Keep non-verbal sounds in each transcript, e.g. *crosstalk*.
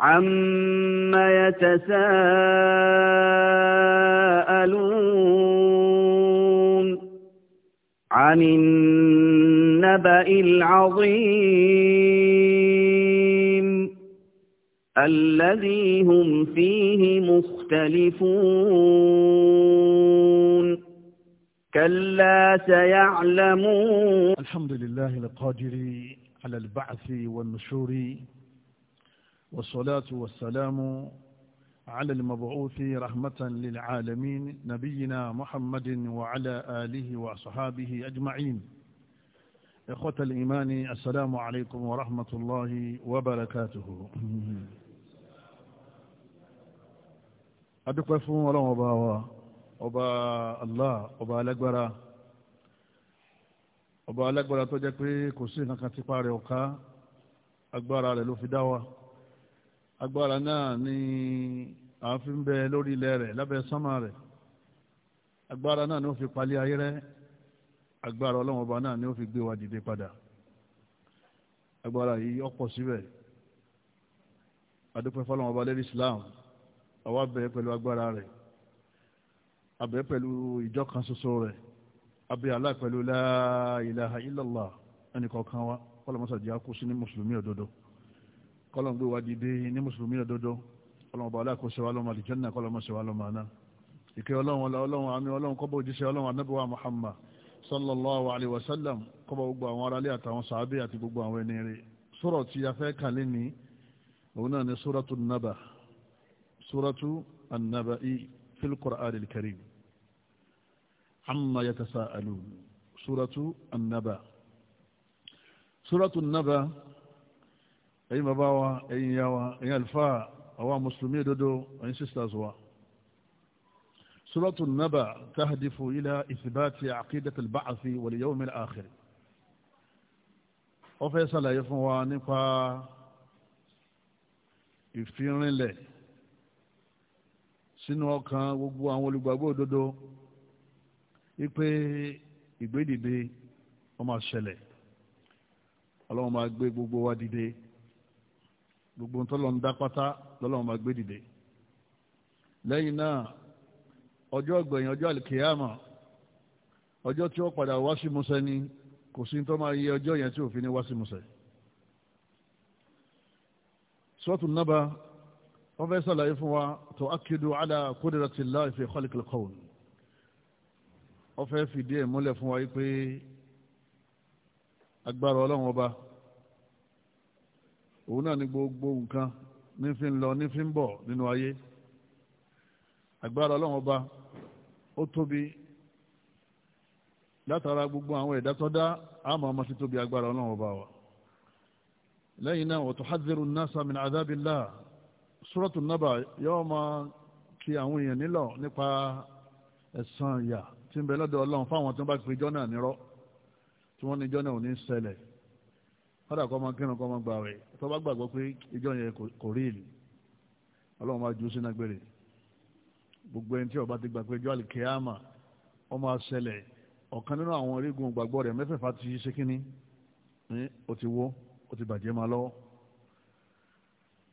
عَمَّ يَتَسَاءَلُونَ عَنِ النَّبَإِ الْعَظِيمِ الَّذِي هُمْ فِيهِ مُخْتَلِفُونَ كَلَّا سَيَعْلَمُونَ الحمد لله القادر على البعث والنشور والصلاة والسلام على المبعوث رحمة للعالمين نبينا محمد وعلى آله وصحابه أجمعين إخوة الإيمان السلام عليكم ورحمة الله وبركاته adúpẹ́ fún الله ọba wa ọba allah ọba alágbára ọba alágbára tó jẹ́ pé kò sí nǹkan kan agbára náà ni a ń bẹ lórí ilẹ̀ rẹ̀ lábẹ́ sánmà rẹ̀ agbára náà ni ó fi palẹ̀ ayé rẹ̀ agbára ọlọ́run ọba náà ni ó fi gbé wa dìde padà agbára yìí ọ̀pọ̀ síbẹ̀ adúpẹ́ fọlọ́run ọba lẹ́rìí Islam àwa bẹ̀rẹ̀ pẹ̀lú agbára rẹ̀ abẹ̀rẹ̀ pẹ̀lú ìjọ kan ṣoṣo rẹ̀ abẹ́ Allah pẹ̀lú la ilaha illallah ẹnì kọ̀ọ̀kan wa fọlọ́mọ́sàdìyà kú sí ní mùsùlùmí òdodo. kọ́lọ̀ ń gbé wa dìde ní mùsùlùmí òdodo ọlọ́run bàálà kò ṣe wá lọ́mọ àlìjẹ́nà kọ́lọ́ mọ̀ ṣe wá lọ́mọ àná ìkẹ́ ọlọ́run ọlá ọlọ́run àmì ọlọ́run kọ́bọ̀ òjíṣẹ́ ọlọ́run anábíwá Muhammad sallallahu alayhi wa sallam kọ́bọ̀ gbogbo àwọn aráalé àtàwọn sàábé àti gbogbo àwọn ẹni rẹ̀ sọ̀rọ̀ tí a fẹ́ kàlẹ́ ni òun náà ni suratu naba suratu annaba i fil qur'an karim amma yatasa'alun suratu annaba suratu naba ẹ̀yin bàbá wa ẹ̀yin ìyá wa ẹ̀yin àlùfáà àwa mùsùlùmí òdodo ẹ̀yin sisters wa suratu naba tahdifu ila ithbati aqidati al-ba'thi wal yawm al-akhir ó fẹ́ ṣàlàyé fún wa nípa ìfirinlẹ̀ sínú ọkàn gbogbo àwọn olùgbàgbọ́ òdodo wípé ìgbédìde ó máa ọlọ́run máa gbé gbogbo wa dìde gbogbo ntọ́lọ́ ń dá pátá lọ́lọ́run máa gbé dìde lẹ́yìn náà ọjọ́ ọgbẹ̀yìn ọjọ́ àlìkèyàmà ọjọ́ tí ó padà wá sí musẹ ni kò sí tó máa yẹ ọjọ́ yẹn tí òfin ni wá sí musẹ. sọ́ọ̀tù nábà wọ́n fẹ́ sàlàyé fún wa tó akédu ala qudratillahi fi khalqil qawl wọ́n fẹ́ fìdí ẹ̀ múlẹ̀ fún wa yìí pé agbára ọlọ́run ọba òun náà ni gbogbo nǹkan ní fi ń lọ ní fi ń bọ̀ nínú ayé agbára ọlọ́run ọba ó tóbi látara gbogbo àwọn ẹ̀dá tó dá àmọ́ ọmọ sí tóbi agbára ọlọ́run ọba wa lẹ́yìn náà wa tuhadhdhiru an-nasa min adhabillah Suratu Naba yóò máa kí àwọn èèyàn nílọ̀ nípa ẹ̀san ìyà tí ń bẹ lọ́dọ̀ ọlọ́run fáwọn tí wọ́n bá pe jọ́nà nírọ́ tí wọ́n ní jọ́nà ò ní ṣẹlẹ̀ kọ́dà kọ́ máa kírun kọ́ máa gbà wẹ̀ tó bá gbàgbọ́ pé ìjọ yẹn kò rí ìlú ọlọ́run máa ju sínú agbèrè gbogbo ẹni tí ó ti gbà pé ìjọ àlìkèámà ó máa ṣẹlẹ̀ ọ̀kan nínú àwọn orígun gbàgbọ́ rẹ̀ mẹ́fẹ̀ẹ̀fà ti ṣe kínní ní o ti wó o ti bàjẹ́ máa lọ́wọ́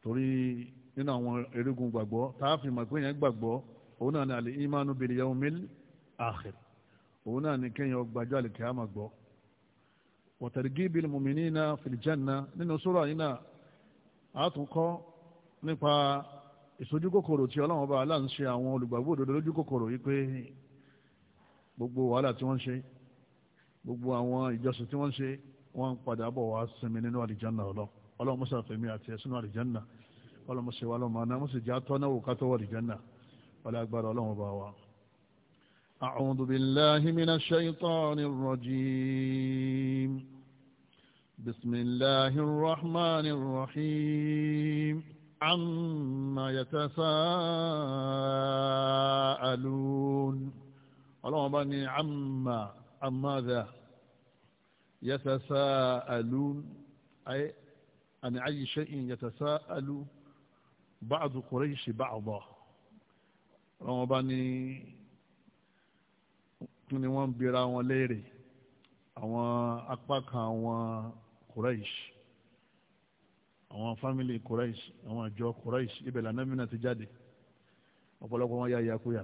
torí nínú àwọn orígun gbàgbọ́ tá a fi mọ̀ pé yẹn gbàgbọ́ òun náà ni àlè ìmánu bil yawmil akhir òun náà ni kéèyàn gbàjọ́ àlìkèámà gbọ́ wọ̀tẹ̀rẹ̀gíbi mùmìnínà fìlìjánná nínú sura yìí náà àtúnkọ́ nípa ìsojú kòkòrò tí ọlọ́run ọba aláà ń ṣe àwọn olùgbàgbọ́ òdodo lójú kòkòrò yìí pé gbogbo wàhálà tí wọ́n ń ṣe gbogbo àwọn ìjọsìn tí wọ́n ń ṣe wọ́n ń padà bọ̀ wá sinmi nínú àlìjánná ọlọ́ ọlọ́run mọ́sá fẹ̀mí àti ẹ̀sìn náà àlìjánná ọlọ́run mọ́sá wa lọ́mọ aná mọ́sá jẹ́ àtọ́náwó kátó wà àlìjánná agbára ọlọ́run ọba wa. أعوذ بالله من الشيطان الرجيم بسم الله الرحمن الرحيم عما يتساءلون اللهم بني عما عن ماذا يتساءلون أي عن أي شيء يتساءل بعض قريش بعضا اللهم بني kí ni wọ́n ń bira wọn léèrè àwọn apá kan àwọn Quraish àwọn fámìlì Quraish àwọn àjọ Quraish ibẹ̀ lànà mìíràn ti jáde ọ̀pọ̀lọpọ̀ wọn yá yakuya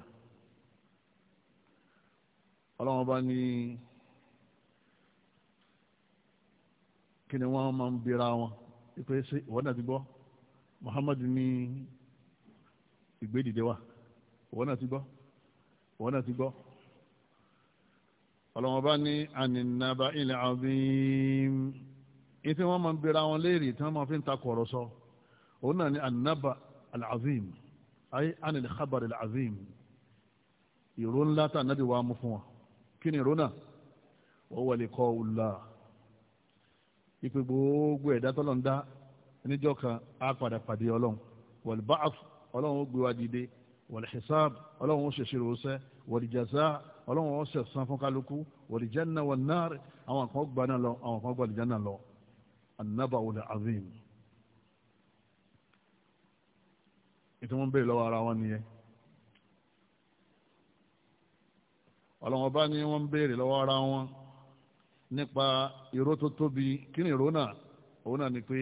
ọlọ́wọ́n bá ní kí ni wọ́n máa ń bira wọn ìpè ṣe ìwọ́n náà ti gbọ́ Muhammadu ní ìgbédìde wa ìwọ́n náà ti gbọ́ ìwọ́n náà ti gbọ́ ọlọ́wọ́n bá ní ànínàbà ilẹ̀ azim ní tí wọ́n máa ń bèèrè àwọn léèrè tí wọ́n máa fi ń ta kọ̀rọ̀ sọ òun náà ní ànínàbà alazim ayé ànínà khabar alazim ìró ńlá tá ànábì wa mú fún wa kí ni ìró náà wọ́n wà lè kọ́ ọ̀la ìpè gbogbo ẹ̀dá tọ́lọ̀ ń dá níjọ́ kan á padà pàdé ọlọ́run wal ba'ath ọlọ́run ó gbé wa dìde wal hisab ọlọ́run ó ṣèṣirò ṣẹ́ wal jaza ọlọ́run ọ̀sẹ̀ san fún kálukú wọ̀lìjánná wọn náà àwọn kan gbà náà lọ àwọn kan gbà lìjánná lọ anábà wọlé azim ètò wọn bèèrè lọ́wọ́ ara wọn nìyẹn ọlọ́run ọba ni wọ́n bèèrè lọ́wọ́ ara wọn nípa ìró tó tóbi kí ni ìró náà òun náà ni pé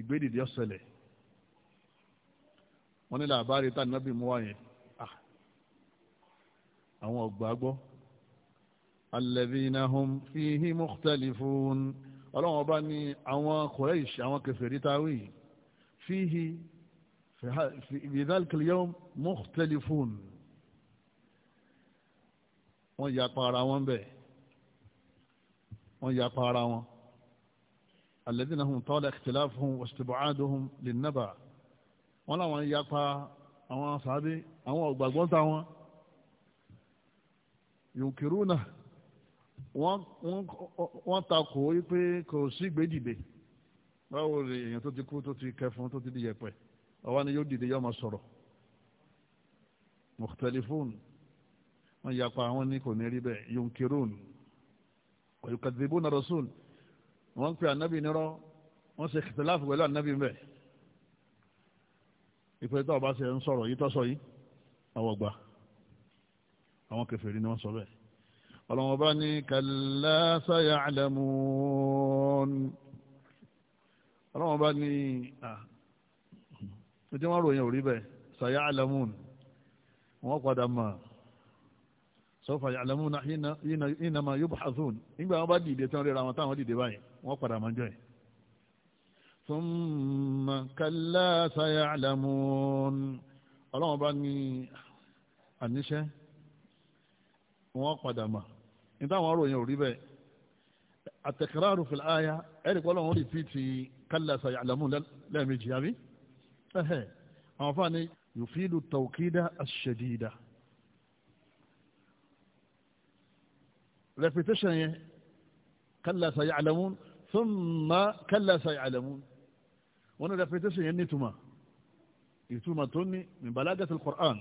ìgbédìdí ọ̀sẹ̀lẹ̀ wọ́n ní làbárí tá nàbì mú wá àwọn ọ̀gbàgbọ́ alladhina hum fihi mukhtalifun ọlọ́run ọba ní àwọn Quraysh àwọn kèfèrí táwí fihi fi dhalika al-yawm mukhtalifun wọ́n yapa ara wọn bẹ́ẹ̀ wọ́n yapa ara wọn alladhina hum tala ikhtilafuhum wa istibaduhum lin-naba wọ́n láwọn yapa àwọn sàábé àwọn ọ̀gbàgbọ́ táwọn yòókèrúnà wọ́n takò wípé kò sí gbèdìde báwo rè èèyàn tó ti kú tó ti kẹfun tó ti di yẹ̀pẹ̀ àwa ni yóò dìde yóò máa sọ̀rọ̀ mukhtalifun wọ́n yapa àwọn ní kò ní rí bẹ́ẹ̀ yòókèrún wa yukadhibuna rasul wọ́n ń ànábì nírọ́ wọ́n ṣe kìtìláàfù pẹ̀lú ànábì ń bẹ̀ ọba ṣe ń sọ̀rọ̀ yìí tó yìí àwọn àwọn kèfèrí ni wọ́n sọ bẹ́ẹ̀ ọlọ́wọ́n bá ní kàlá sáyà àlẹ́mùún ọlọ́wọ́n bá ní ọjọ́ wọn ròyìn òrí bẹ́ẹ̀ sáyà àlẹ́mùún wọ́n padà mọ̀ sọ́fà àlẹ́mùún iná máa yóò bá azún nígbà wọn bá dìde tán rírà wọn táwọn dìde báyìí wọ́n padà máa jọ ẹ̀ ثم كلا سيعلمون ọlọ́wọ́n بني. ní wọ́n padà mà ní táwọn aróyìn ò rí bẹ́ẹ̀ àtẹ̀kẹ́rà rúfin àyà ẹ̀rì pọ́lọ́ wọn rìpí ti kálá sàyà àlámù lẹ́ẹ̀mejì àbí ẹ̀hẹ̀ àwọn afáà ni yòfíìlù tàwùkídà àṣẹdìdà repetition yẹn kálá sàyà àlámù thumma kálá sàyà àlámù wọn ni repetition yẹn nítumà ìtumà tó ní min Qur'an.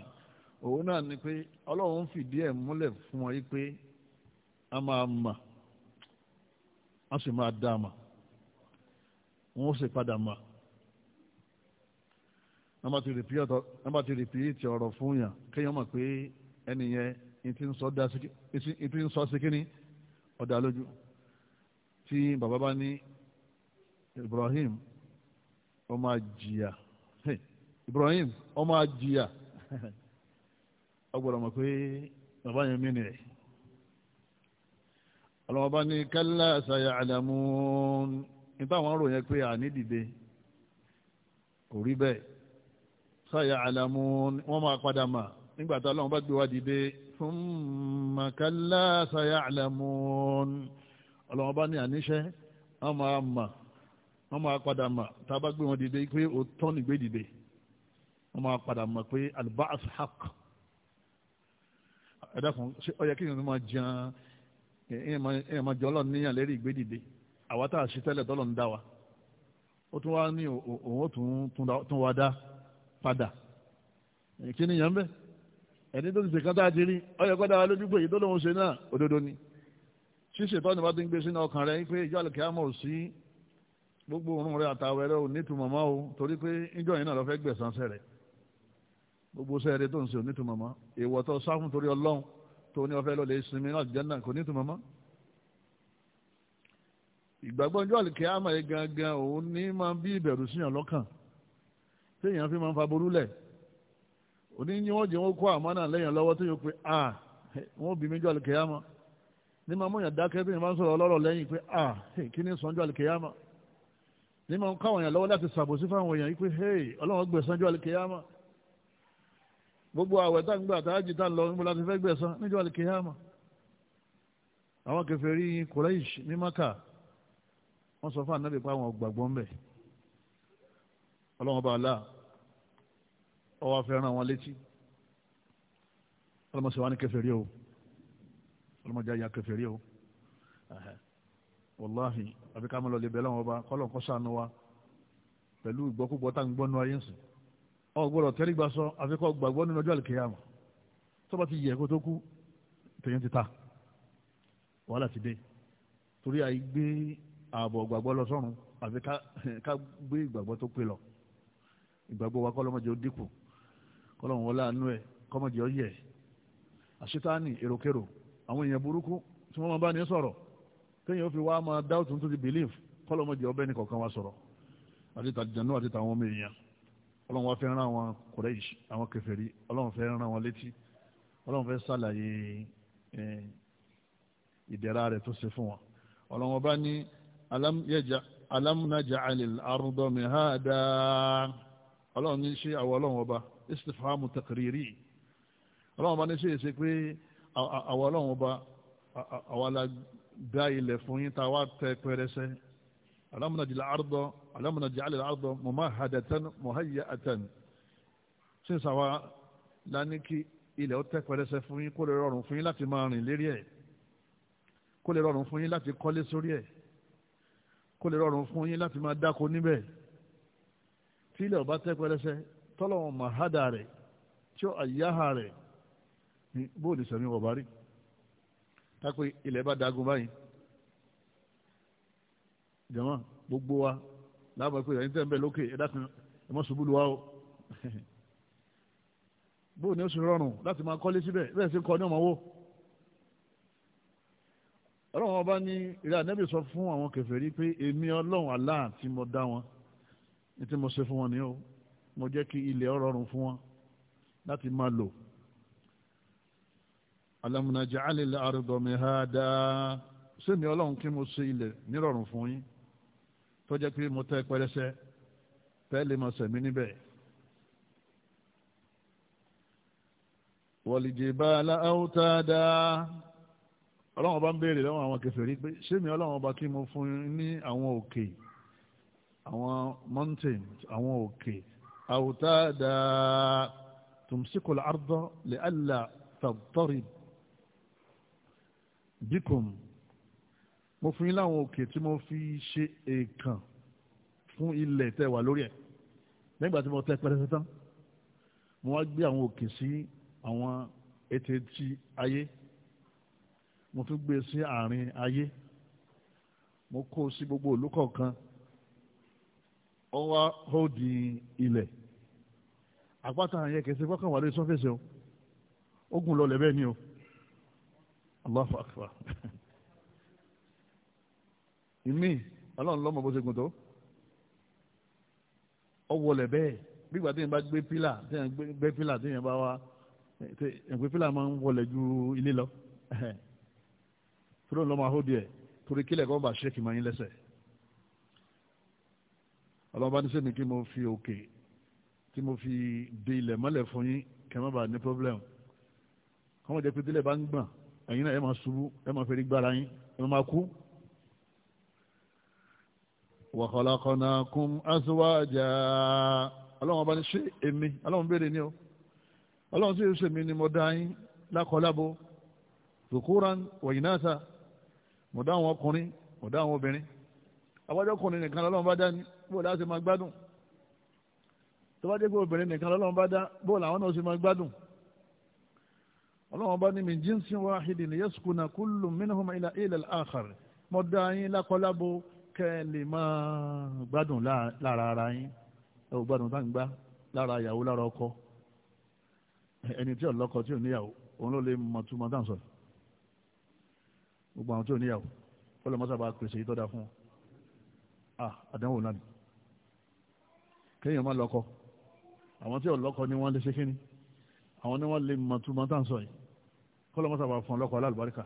òun náà ni pé ọlọ́run fìdí ẹ̀ múlẹ̀ fún ọ pé a máa mà a sì máa dá a mà wọn ó sì padà mà ti rìpí ti ọ̀rọ̀ fún yàn kéèyàn mọ̀ pé ẹni yẹn ìtì ń sọ sí kínní Ibrahim ọmọ àjìyà Ibrahim *laughs* ọgbọ̀rọ̀ mọ̀ pé bàbá yẹn mí nìyẹn ọlọ́wọ́ bá ní kálá ṣayà àdàmú nípa àwọn ọ̀rọ̀ yẹn pé àní dìde kò rí bẹ́ẹ̀ ṣayà àdàmú wọ́n máa padà mà nígbà tá ọlọ́wọ́ bá gbé wá dìde fún màkálá ṣayà àdàmú ọlọ́wọ́ bá ní àníṣẹ́ wọ́n máa mà wọ́n máa padà mà tá a bá gbé wọn dìde pé òótọ́ nìgbé dìde wọ́n máa padà mà pé alba'as haqq ẹ dákun ṣé ó yẹ kí èèyàn máa jẹun èèyàn máa jọ ọlọ́run níyàn lérí ìgbédìde àwa tá a ṣe tẹ́lẹ̀ tọ́lọ̀ dá wa ó tún wá ní òun ó tún wá dá padà kí ni yàn bẹ́ẹ̀ ẹni tó ti ṣe kan tá a ti rí ó yẹ kó dá wa lójú pé èyí tó lóun ṣe náà òdodo ni ṣíṣe tọ́ni bá ti ń gbé sínú ọkàn rẹ pé ìjọ àlùkí àmọ́ ò sí gbogbo òórùn rẹ àtàwẹ̀rẹ̀ ò ní ìtumọ̀ mọ́ o torí pé ìjọ yẹn náà lọ fẹ́ gbẹ̀sán sẹ́rẹ̀ẹ́ gbogbo sẹ́ẹ̀rẹ́ tó ń ṣe onítùmọ̀ mọ́ èèwọ̀ tó sáfún torí ọlọ́run tó ní ọfẹ́ lọ́lẹ̀ ìsinmi náà jẹ́nà kò nítùmọ̀ mọ́. ìgbàgbọ́ ọjọ́ àlùkẹ́ àmọ̀ yẹn gangan òun ní máa bí ìbẹ̀rù síyàn lọ́kàn téèyàn fi máa ń fa borúlẹ̀ òní ní wọ́n jẹ́ wọ́n kó àmánà lẹ́yìn lọ́wọ́ tó yẹ pé à wọ́n bí mi jọ àlùkẹ́ àmọ̀ ní máa múyàn dákẹ́ bí wọ́n sọ̀rọ̀ ń káwọn èèyàn hey ọlọ́run gbẹ̀sánjọ́ e àlùkẹ́ àmọ̀ gbogbo àwẹ̀ tá ń gbà tá a jì tá ń lọ níbo la ti fẹ́ gbẹ̀san níjọ́ alikiyama àwọn kèfèrí Quraysh ní Maka wọ́n sọ fún anábì pé àwọn gbàgbọ́ ń bẹ̀ ọlọ́wọ́n bá a la ọwọ́ afẹ́ràn wọn létí ọlọ́mọ sọ wá ní kèfèrí o ọlọ́mọ jẹ́ àyà kèfèrí o wàláhì àbíká lọ lè bẹ̀ lọ́wọ́ ọba kọ́lọ̀ kọ́sánú wa pẹ̀lú ìgbọ́kúgbọ́ tá ayé ń ọgbọ́dọ̀ tẹ́rígbà sọ àfikọ́ gbàgbọ́ nínú ọjọ́ àlùkìyàmù tó bá ti yẹ kó tó kú tèyàn ti ta wàhálà ti dé torí àì gbé ààbọ̀ gbàgbọ́ lọ sọ́run àfi ká gbé ìgbàgbọ́ tó pé lọ ìgbàgbọ́ wa kọ́lọ́mọdé ó dínkù kọ́lọ́mọ wọlé àánú ẹ̀ kọ́mọdé ó yẹ àṣetáàní èròkèrò àwọn èèyàn burúkú tí wọ́n máa bá ní sọ̀rọ̀ téèyàn ó fi wá máa dáwùtún tó ti bìlíf kọ́lọ́mọdé ọbẹ̀ ní kọ̀ọ̀kan wa sọ̀rọ̀ àti tàdìjànú àti tàwọn ọmọ èèyàn ọlọ́run wá fẹ́ rán àwọn kùrẹ́jì àwọn kèfèrí ọlọ́run fẹ́ rán wọn létí ọlọ́run fẹ́ sàlàyé ìdẹ̀ra rẹ̀ tó ṣe fún wọn ọlọ́run bá ní alam naj'alil arda mihada ọlọ́run ní ṣe àwọn ọlọ́run ọba istifhamu taqriri ọlọ́run bá ní ṣe èsì pé àwọn ọlọ́run ọba àwọn aládá ilẹ̀ fún yín tá wá tẹ pẹrẹsẹ اللهم نجعل الأرض اللهم نجعل الأرض ممهدة مهيئة sínsà wa la ní kí ilẹ̀ ó tẹ́ pẹrẹsẹ fún yín kó lè rọrùn fún yín láti máa rìn lérí ẹ̀ kó lè rọrùn fún yín láti kọ́lé sórí ẹ̀ kó lè rọrùn fún yín láti máa dáko níbẹ̀ tí ilẹ̀ ọba tẹ́ pẹrẹsẹ tọ́lọ́wọ́n màhádà rẹ̀ tí ó àyáhà rẹ̀ ní bóòdì sẹ̀mí ọ̀bá rí tápé ilẹ̀ bá dagun báyìí jama gbogbo wa láàbọ̀ pé ẹ̀yin tẹ́ ń bẹ lókè ẹ̀dá kan ẹ mọ́ ṣubú luwa o *laughs* bó ni ó sì rọrùn láti máa kọ́lé síbẹ̀ bẹ́ẹ̀ sì kọ́ ní ọmọ wo ọlọ́run ọba ní ìrẹ́ ànẹ́bì sọ fún àwọn kèfèrí pé èmi ọlọ́run Allah tí mo dá wọn ní tí mo ṣe fún wọn ni o mo jẹ́ kí ilẹ̀ ọ rọrùn fún wọn láti máa lò alam naj'alil arda mihada sẹ́mi ọlọ́run kí mo ṣe ilẹ̀ nírọ̀rùn fún yín tó jẹ́ pé mo tẹ́ pẹ́rẹsẹ́ tẹ́ lè mọ̀ sẹ̀mí níbẹ̀. wọ̀lìjìbàlá àwùtàdá ọlọ́run ọba ń béèrè lọ́wọ́ àwọn kèfèrí pé ṣé mi ọlọ́run ọba kí mo fún yín ní àwọn òkè àwọn mountain àwọn òkè àwùtàdá tùmsíkòlá àrùdọ́ lè àlà tàbítọ́rì bíkùn mo fi yín láwọn òkè tí mo fi ṣe èèkàn fún ilẹ̀ tẹ́ wà lórí ẹ̀ nígbà tí mo tẹ́ pẹ́rẹ́sẹ́ tán mo wá gbé àwọn òkè sí àwọn ètè ti ayé mo fi gbé e sí àárín ayé mo kó sí gbogbo ìlú kọ̀ọ̀kan ó wá hóòdì ilẹ̀ àpáta yẹn kìí ṣe fọ́kàn wà lórí sọ́fẹ̀sì o ó gùn lọ lẹ́bẹ̀ẹ́ ni o Allahu Akbar. *laughs* ìmí ọlọ́run lọ́mọ bó ṣe gùn tó ọ wọlé bẹ́ẹ̀ bígbà téèyàn bá gbé pílà téèyàn gbé pílà téèyàn bá wá ìpè pílà máa ń wọlé ju ilé lọ *laughs* torí ọlọ́mọ ahóde ẹ̀ torí kílẹ̀ kọ́ bá ṣe kì máa yín lẹ́sẹ̀ ọlọ́ba ní sẹ́ni kí mo fi òkè tí mo fi de ilẹ̀ mọ́lẹ̀ fún yín kẹ́ má bàa ní pọ́blẹ́mù kọ́mọ̀jẹ́ pé délẹ̀ bá ń gbọ̀n ẹ̀yin náà ẹ̀ máa ṣubú ẹ̀ máa fẹ́rí gbára yín ẹ̀ máa kú wa khalaqnakum azwaja ọlọ́run bá ní ṣe èmi ọlọ́run béèrè ní o ọlọ́run sì ń ṣèmi ni mo dá yín lákọ̀ọ́lábo zukuran wa inatha mo dá àwọn ọkùnrin mo dá àwọn obìnrin abájọ́kùnrin nìkan lọ́lọ́run bá dá ní bó láti máa gbádùn tó pé obìnrin nìkan lọ́lọ́run bá dá bó làwọn náà sì máa gbádùn ọlọ́run bá ní min jinsin wahidin yaskuna kẹ́ ẹ lè máa gbádùn lára ara yín ẹ ò gbádùn tá ń gbá lára ìyàwó lára ọkọ ẹni tí ò lọ́kọ tí ò níyàwó òun ló lè mọ túmọ̀ tá à gbogbo àwọn tí ò níyàwó ó lè mọ́sábà pèsè yìí tó fún wọn ah àdánwò náà ni kéèyàn má lọ́kọ àwọn tí ò ni wọ́n lè ṣe kíni àwọn ni wọ́n lè mọ túmọ̀ tá à yìí kó lè mọ́sábà fún ọlọ́kọ alálùbáríkà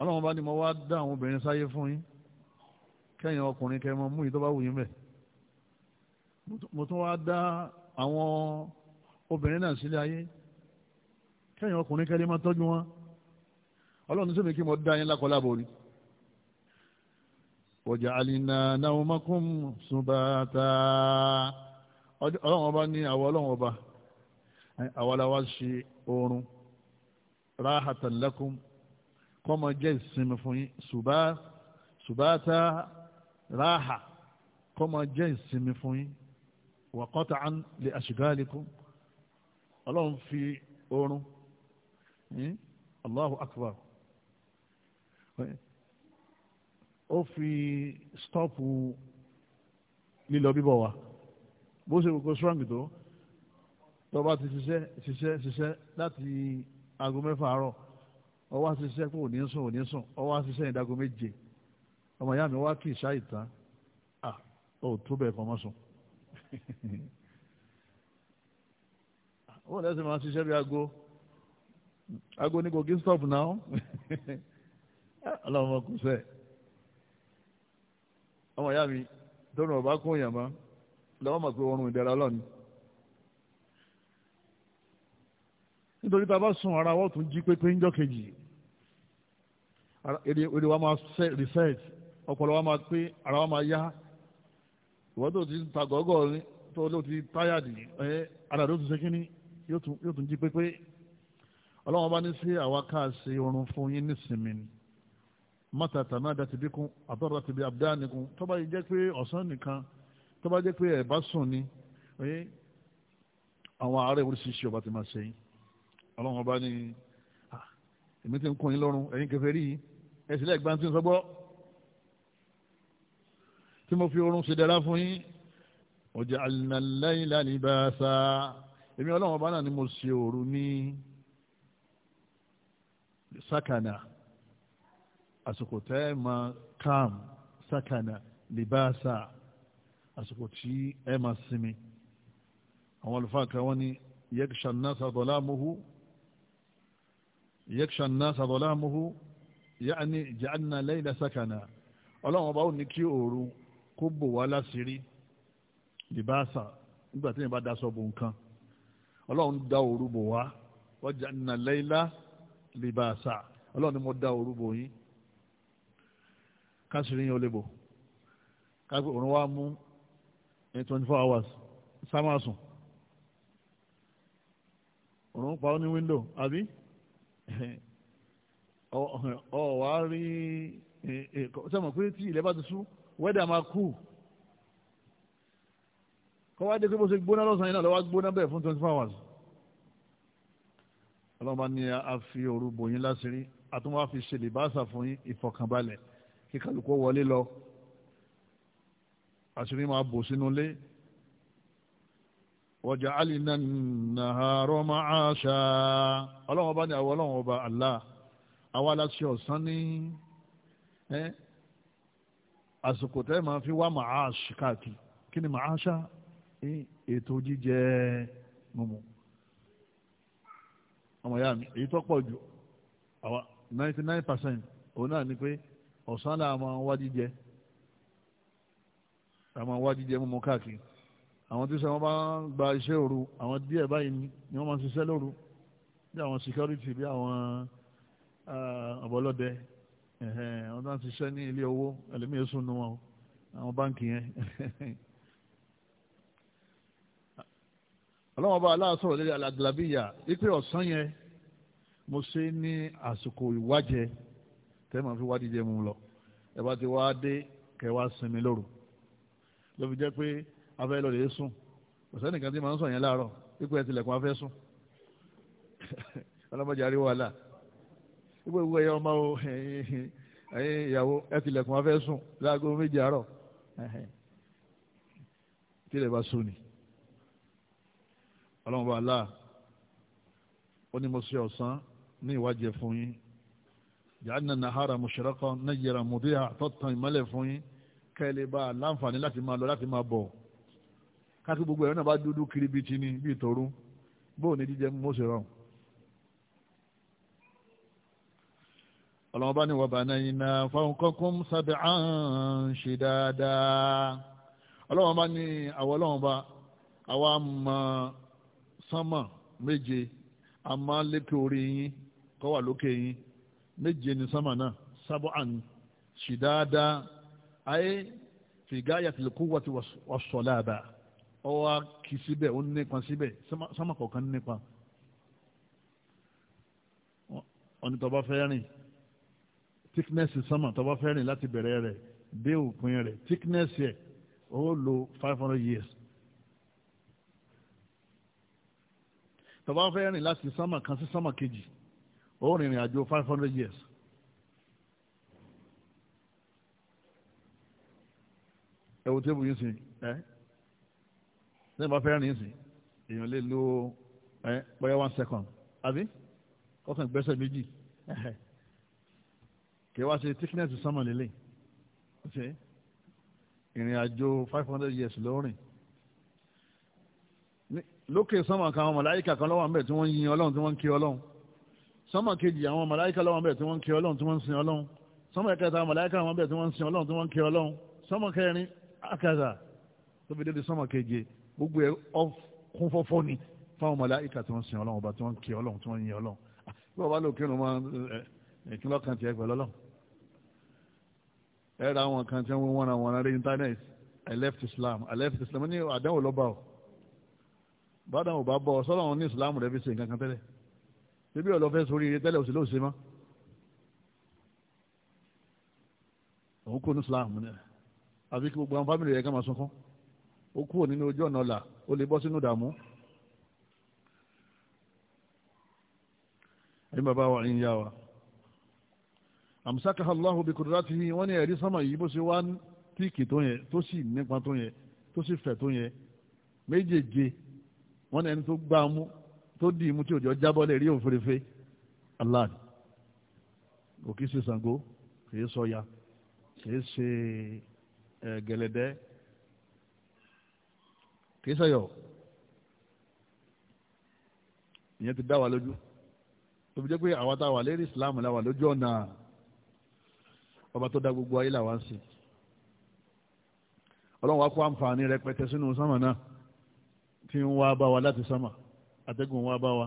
ọlọ́run bá ní mo wá dá àwọn obìnrin sáyé fún yín kẹ́yìn ọkùnrin kẹ́ mọ mú yìí tó bá wù yín bẹ̀ mo tún wá dá àwọn obìnrin náà sílé ayé kẹ́yìn ọkùnrin kẹ́ lè máa tọ́jú wọn ọlọ́run sẹ́mi kí mo dá yín lákọ ni. ọjà àlìna naumakum subata ọlọ́run ọba ní àwọ ọlọ́run ọba àwa la ṣe oorun rahatan lakum kọ́mọ jẹ́ ìsinmi fún yín ṣùbátà ráhà kọ́mọ jẹ́ ìsinmi fún yín wàkọ́tà án lè àṣìgáàlìkún ọlọ́run fi oorun hmm? Allahu akbar ó fi stọ́ọ̀pù lílọ bíbọ̀ wa bó ṣe kókó strong tó tọba ti ṣiṣẹ́ ṣiṣẹ́ ṣiṣẹ́ láti aago mẹ́fà àárọ̀ ọwọ́ àṣiṣẹ́ pé òní sùn òní sùn ọwọ́ àṣiṣẹ́ ìdágo méje ọmọ ìyá mi wá kí ìṣá ìtàn à ó tó bẹ̀ kọ́ mọ́ sùn. wọ́n lẹ́sìn máa ṣiṣẹ́ bí aago aago ní kogi stop now ọlọ́run ọmọ kù sẹ́ ọmọ ìyá mi tó nù ọ̀bá kún ìyàmá lọ́wọ́ mọ̀ pé oorun ìdẹ̀ra ọlọ́run nítorí tá a bá sùn ara wọ́n tún jí pépé ńjọ́ kejì èdè wa máa ṣe research ọpọlọ wa máa pé ara wa máa yá ìwọ́n tó ti ta gọ́gọ́ tó ló ti táyàdì ẹ ara ló ti ṣe kínní yóò tún jí pépé ọlọ́wọ́n bá ní sí àwa ká ṣe oorun fún yín nísìnyí ni mọ́ta tàmí àdàtì bí kún àtọ́rọ̀ àti bí abdáni kún tó bá yìí jẹ́ pé ọ̀sán nìkan tó bá jẹ́ pé ẹ̀ bá sùn ni àwọn àárẹ̀ oríṣiríṣi ọba ti máa ṣe yín ọlọ́run ọba ní ah, èmi ti ń kún yín lọ́rùn ẹ̀yin kẹfẹ́ rí ẹ̀sìn lẹ́gbàá tí ń sọ́gbọ́ tí mo fi oorun ṣe dára fún yín ọjà alìnàláìlà ní bá a sá èmi ọlọ́run ọba náà ni mo ṣe òru ní sákànà àsìkò tẹ́ ẹ máa calm sákànà lè àsìkò tí ẹ máa sinmi àwọn àlùfáà kan wọ́n ní yẹ́kṣà náà sàbọ̀lá yẹ́kṣà náà sàbọ̀lá muhu yáàni jàánà lẹ́yìn sákànà ọlọ́run ọba ò ní kí òru kó bò wá láṣìírí libasa nígbà tí yẹn bá daṣọ bò nǹkan ọlọ́run da òru bò wá ọjà nà lẹ́yìnlá libasa ọlọ́run ni mo da òru bò yín káṣírí yín ó lè bò káṣírí òun wá mú twenty four hours sámásùn òun pa ó ní wíńdò àbí ọ wá rí sọmọ pé tí ilẹ̀ bá ti sú wẹ́dà máa kú kọ́ wá dé pé bó ṣe gbóná lọ́sàn-án yìí náà lọ́wọ́ gbóná bẹ́ẹ̀ fún twenty four hours ọlọ́run bá a fi òru bò láṣìírí àtúnwá fi ṣe lè bá àṣà fún kí kálukú wọlé lọ àṣírí máa bò sínú ilé waja'alna an-nahara ma'asha ọlọ́run ọba ní àwọn ọlọ́run ọba Allah àwa la ṣe ọ̀sán ní àsìkò tẹ́ máa fi wá ma'ash káàkiri kí ni ma'asha ètò ọmọ ya mi èyí tó pọ̀ ni àwọn tí sẹ́wọ́n bá ń gba iṣẹ́ òru àwọn díẹ̀ báyìí ni wọ́n máa ń ṣiṣẹ́ lóru bí àwọn security bí àwọn ọ̀bọ̀lọ́dẹ àwọn tó ń ṣiṣẹ́ ní ilé owó ẹlẹ́mìí sùn nù wọn àwọn báǹkì yẹn. *laughs* ọlọ́wọ́n bá aláàsọ̀rọ̀ lórí alàgàlàbíyà wípé ọ̀sán yẹn mo ṣe ní àsìkò ìwájẹ tẹ́ màá fi wádìí jẹ mu lọ ẹ bá ti wá dé kẹ́ wá sinmi lóru ló fi jẹ́ pé afẹ́ lọ lè sùn kò sẹ́nìkan tí màá ń sọ yẹn láàárọ̀ pípẹ́ tilẹ̀kùn afẹ́ sùn *laughs* ọlọ́mọdé àrí wàhálà pípẹ́ ìwé ẹ̀yà ọmọ *laughs* ẹ̀yìn ìyàwó ẹ̀ tilẹ̀kùn afẹ́ sùn láago méje àárọ̀ *laughs* tílẹ̀ bá sùn ni ọlọ́mọdé àlá ó ní mo ṣe ọ̀sán ní ìwájẹ fún yín jàánà nàhárà mùsùlùkọ náà yẹra mùdíhà tọ́tàn ìmọ́lẹ̀ fún yín kẹ́lẹ́ bá láǹfààní láti máa lọ láti máa bọ̀ káàkiri gbogbo ẹ̀rọ náà bá dúdú kiri bíi tini bíi tòrú bóò ní jíjẹ mú mọ́sẹ̀ rọrùn. ọlọ́mọba ni wọ́n bá náà iná fawqakum sab'an shidada ọlọ́mọba ni àwọn ọlọ́mọba àwa mọ sánmà méje a lékè orí yín kọ́ wà lókè yín méje ni sánmà náà sab'an shidada ayé fi gayatil quwwati was-salaba ó wá kì síbẹ̀ ó nípa síbẹ̀ sánmà kọ̀ọ̀kan nípa ọ̀nì tó bá fẹ́ rìn thickness sánmà tó bá fẹ́ rìn láti bẹ̀rẹ̀ rẹ̀ dé òpin rẹ̀ thickness yẹ ó lò five hundred years tó bá fẹ́ rìn láti sánmà kan sí sánmà kejì ó rìnrìn àjò five hundred years. ẹ̀wọ̀n tẹ́bù yín sìn ẹ́ ní ìbá fẹ́ràn nìyí èèyàn lè lo bóyá one second àbí kọ́kàn gbẹ́sẹ̀ méjì kí wá ṣe thickness sánmà lélẹ̀ ìrìn àjò five hundred years lóòrìn lókè sánmà kan àwọn màláìkà kan lọ́wọ́ àmì tí wọ́n yin ọlọ́run tí wọ́n ń kí ọlọ́run sánmà kejì àwọn màláìkà lọ́wọ́ àmì tí wọ́n ń kí ọlọ́run tí wọ́n ń sin ọlọ́run sánmà kẹta àwọn màláìkà àwọn àmì tí wọ́n ń sin ọlọ́run tí wọ́n ń kí ọlọ́run sánmà kẹrin àkàzà tó fi dédé sánmà keje gbogbo ẹ kún fọ́fọ́ ni fáwọn màláíkà tí wọ́n sin ọlọ́run ọba tí wọ́n kí ọlọ́run tí wọ́n yin ọlọ́run ah, bí wọ́n bá lò kírun máa ẹ̀kí lọ́kàn tiẹ̀ pẹ̀lú ọlọ́run ẹ ra àwọn kan tí wọ́n wọ́n ra wọn lórí I left Islam I left Islam ní àdánwò lọ́ba o bàdàn ò bá bọ̀ ọ sọ́dọ̀ àwọn ní Islam rẹ̀ fi ṣe nǹkan kan tẹ́lẹ̀ ṣébí ọ̀lọ́fẹ́ sórí ire tẹ́lẹ̀ òṣèlú òṣèlú mọ́ òun kò ní Islam ní àbí kí gbogbo àwọn fámìlì rẹ̀ ká máa sunkún ó kúrò nínú ojú ọ̀nà ọ̀la ó lè bọ́ sínú ìdààmú. ẹ̀yin bàbá wa ẹ̀yin yá wa àmsákàá Allahu bí kudratihi wọ́n ní ẹ̀rí sánmà yìí bó ṣe wá tíìkì tó yẹ tó sì nípa tó yẹ tó sì fẹ̀ tó yẹ méjèèje wọ́n ní ẹni tó gbá mú tó dì í mú tí òjò jábọ́ lè rí òfurufú Allah kò kí ṣe Ṣàngó kì í sọ ya kì í ṣe gẹ̀lẹ̀dẹ́ kì í sọ̀yọ̀ ìyẹn ti dá wa lójú tó fi jẹ́ pé àwa tá a wà lérí ìsìláàmù la wà lójú ọ̀nà ọba tó dá gbogbo ayé là wá ń sìn ọlọ́run wa kó àǹfààní rẹpẹtẹ sínú sánmà náà tí ń wá bá wa láti sánmà atẹ́gùn wa bá wa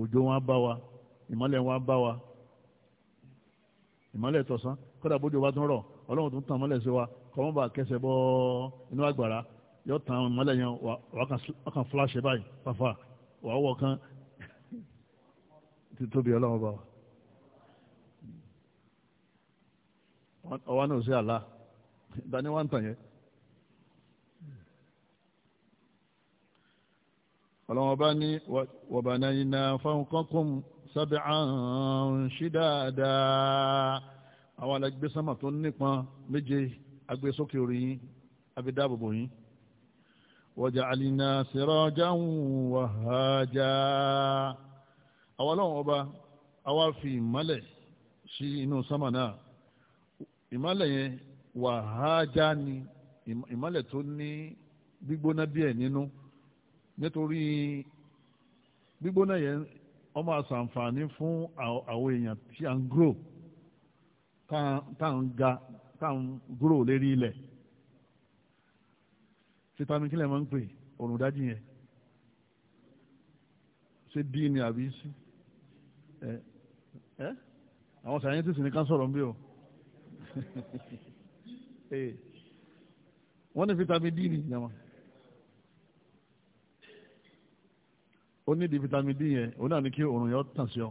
òjò wa bá wa ìmọ́lẹ̀ wa bá wa ìmọ́lẹ̀ tọ̀sán kódà bójú wa tún rọ̀ ọlọ́run tún tàn mọ́lẹ̀ sí wa kọ́mọ́bà kẹsẹ̀ bọ́ inú àgbàrá yọ tàn àwọn ìmọ́lẹ̀ yẹn wà kàn fúláṣẹ báyìí pàfà wà wọ̀ kan ti tóbi ọlọ́run bá wa ọwọ́ náà sí àlá ìdáni wá ń tàn yẹn. ọlọ́run bá ní wọ̀bàná iná fáwọn sab'an shidada àwọn alágbèsámà tó nípọn méje agbésókè orí yín abidáàbòbò yín. waj'alna sirajan wahhaja àwọn ọlọ́run ọba àwa fi ìmọ́lẹ̀ sí inú sánmà náà yẹn wàhájá ni ìmọ́lẹ̀ tó ní gbígbóná díẹ̀ nínú nítorí gbígbóná yẹn fún àwọn èèyàn tí ń tá sitani kílẹ̀ máa ń pè òrùn dájú yẹn ṣé díì ni àbí sí ẹ ẹ àwọn sàyẹ́ntìsì ní ká sọ̀rọ̀ ń bí o *laughs* wọ́n ní vitamin D ní ìyàmà ó ní di vitamin D yẹn ó náà ní kí òrùn yọ tàn sí ọ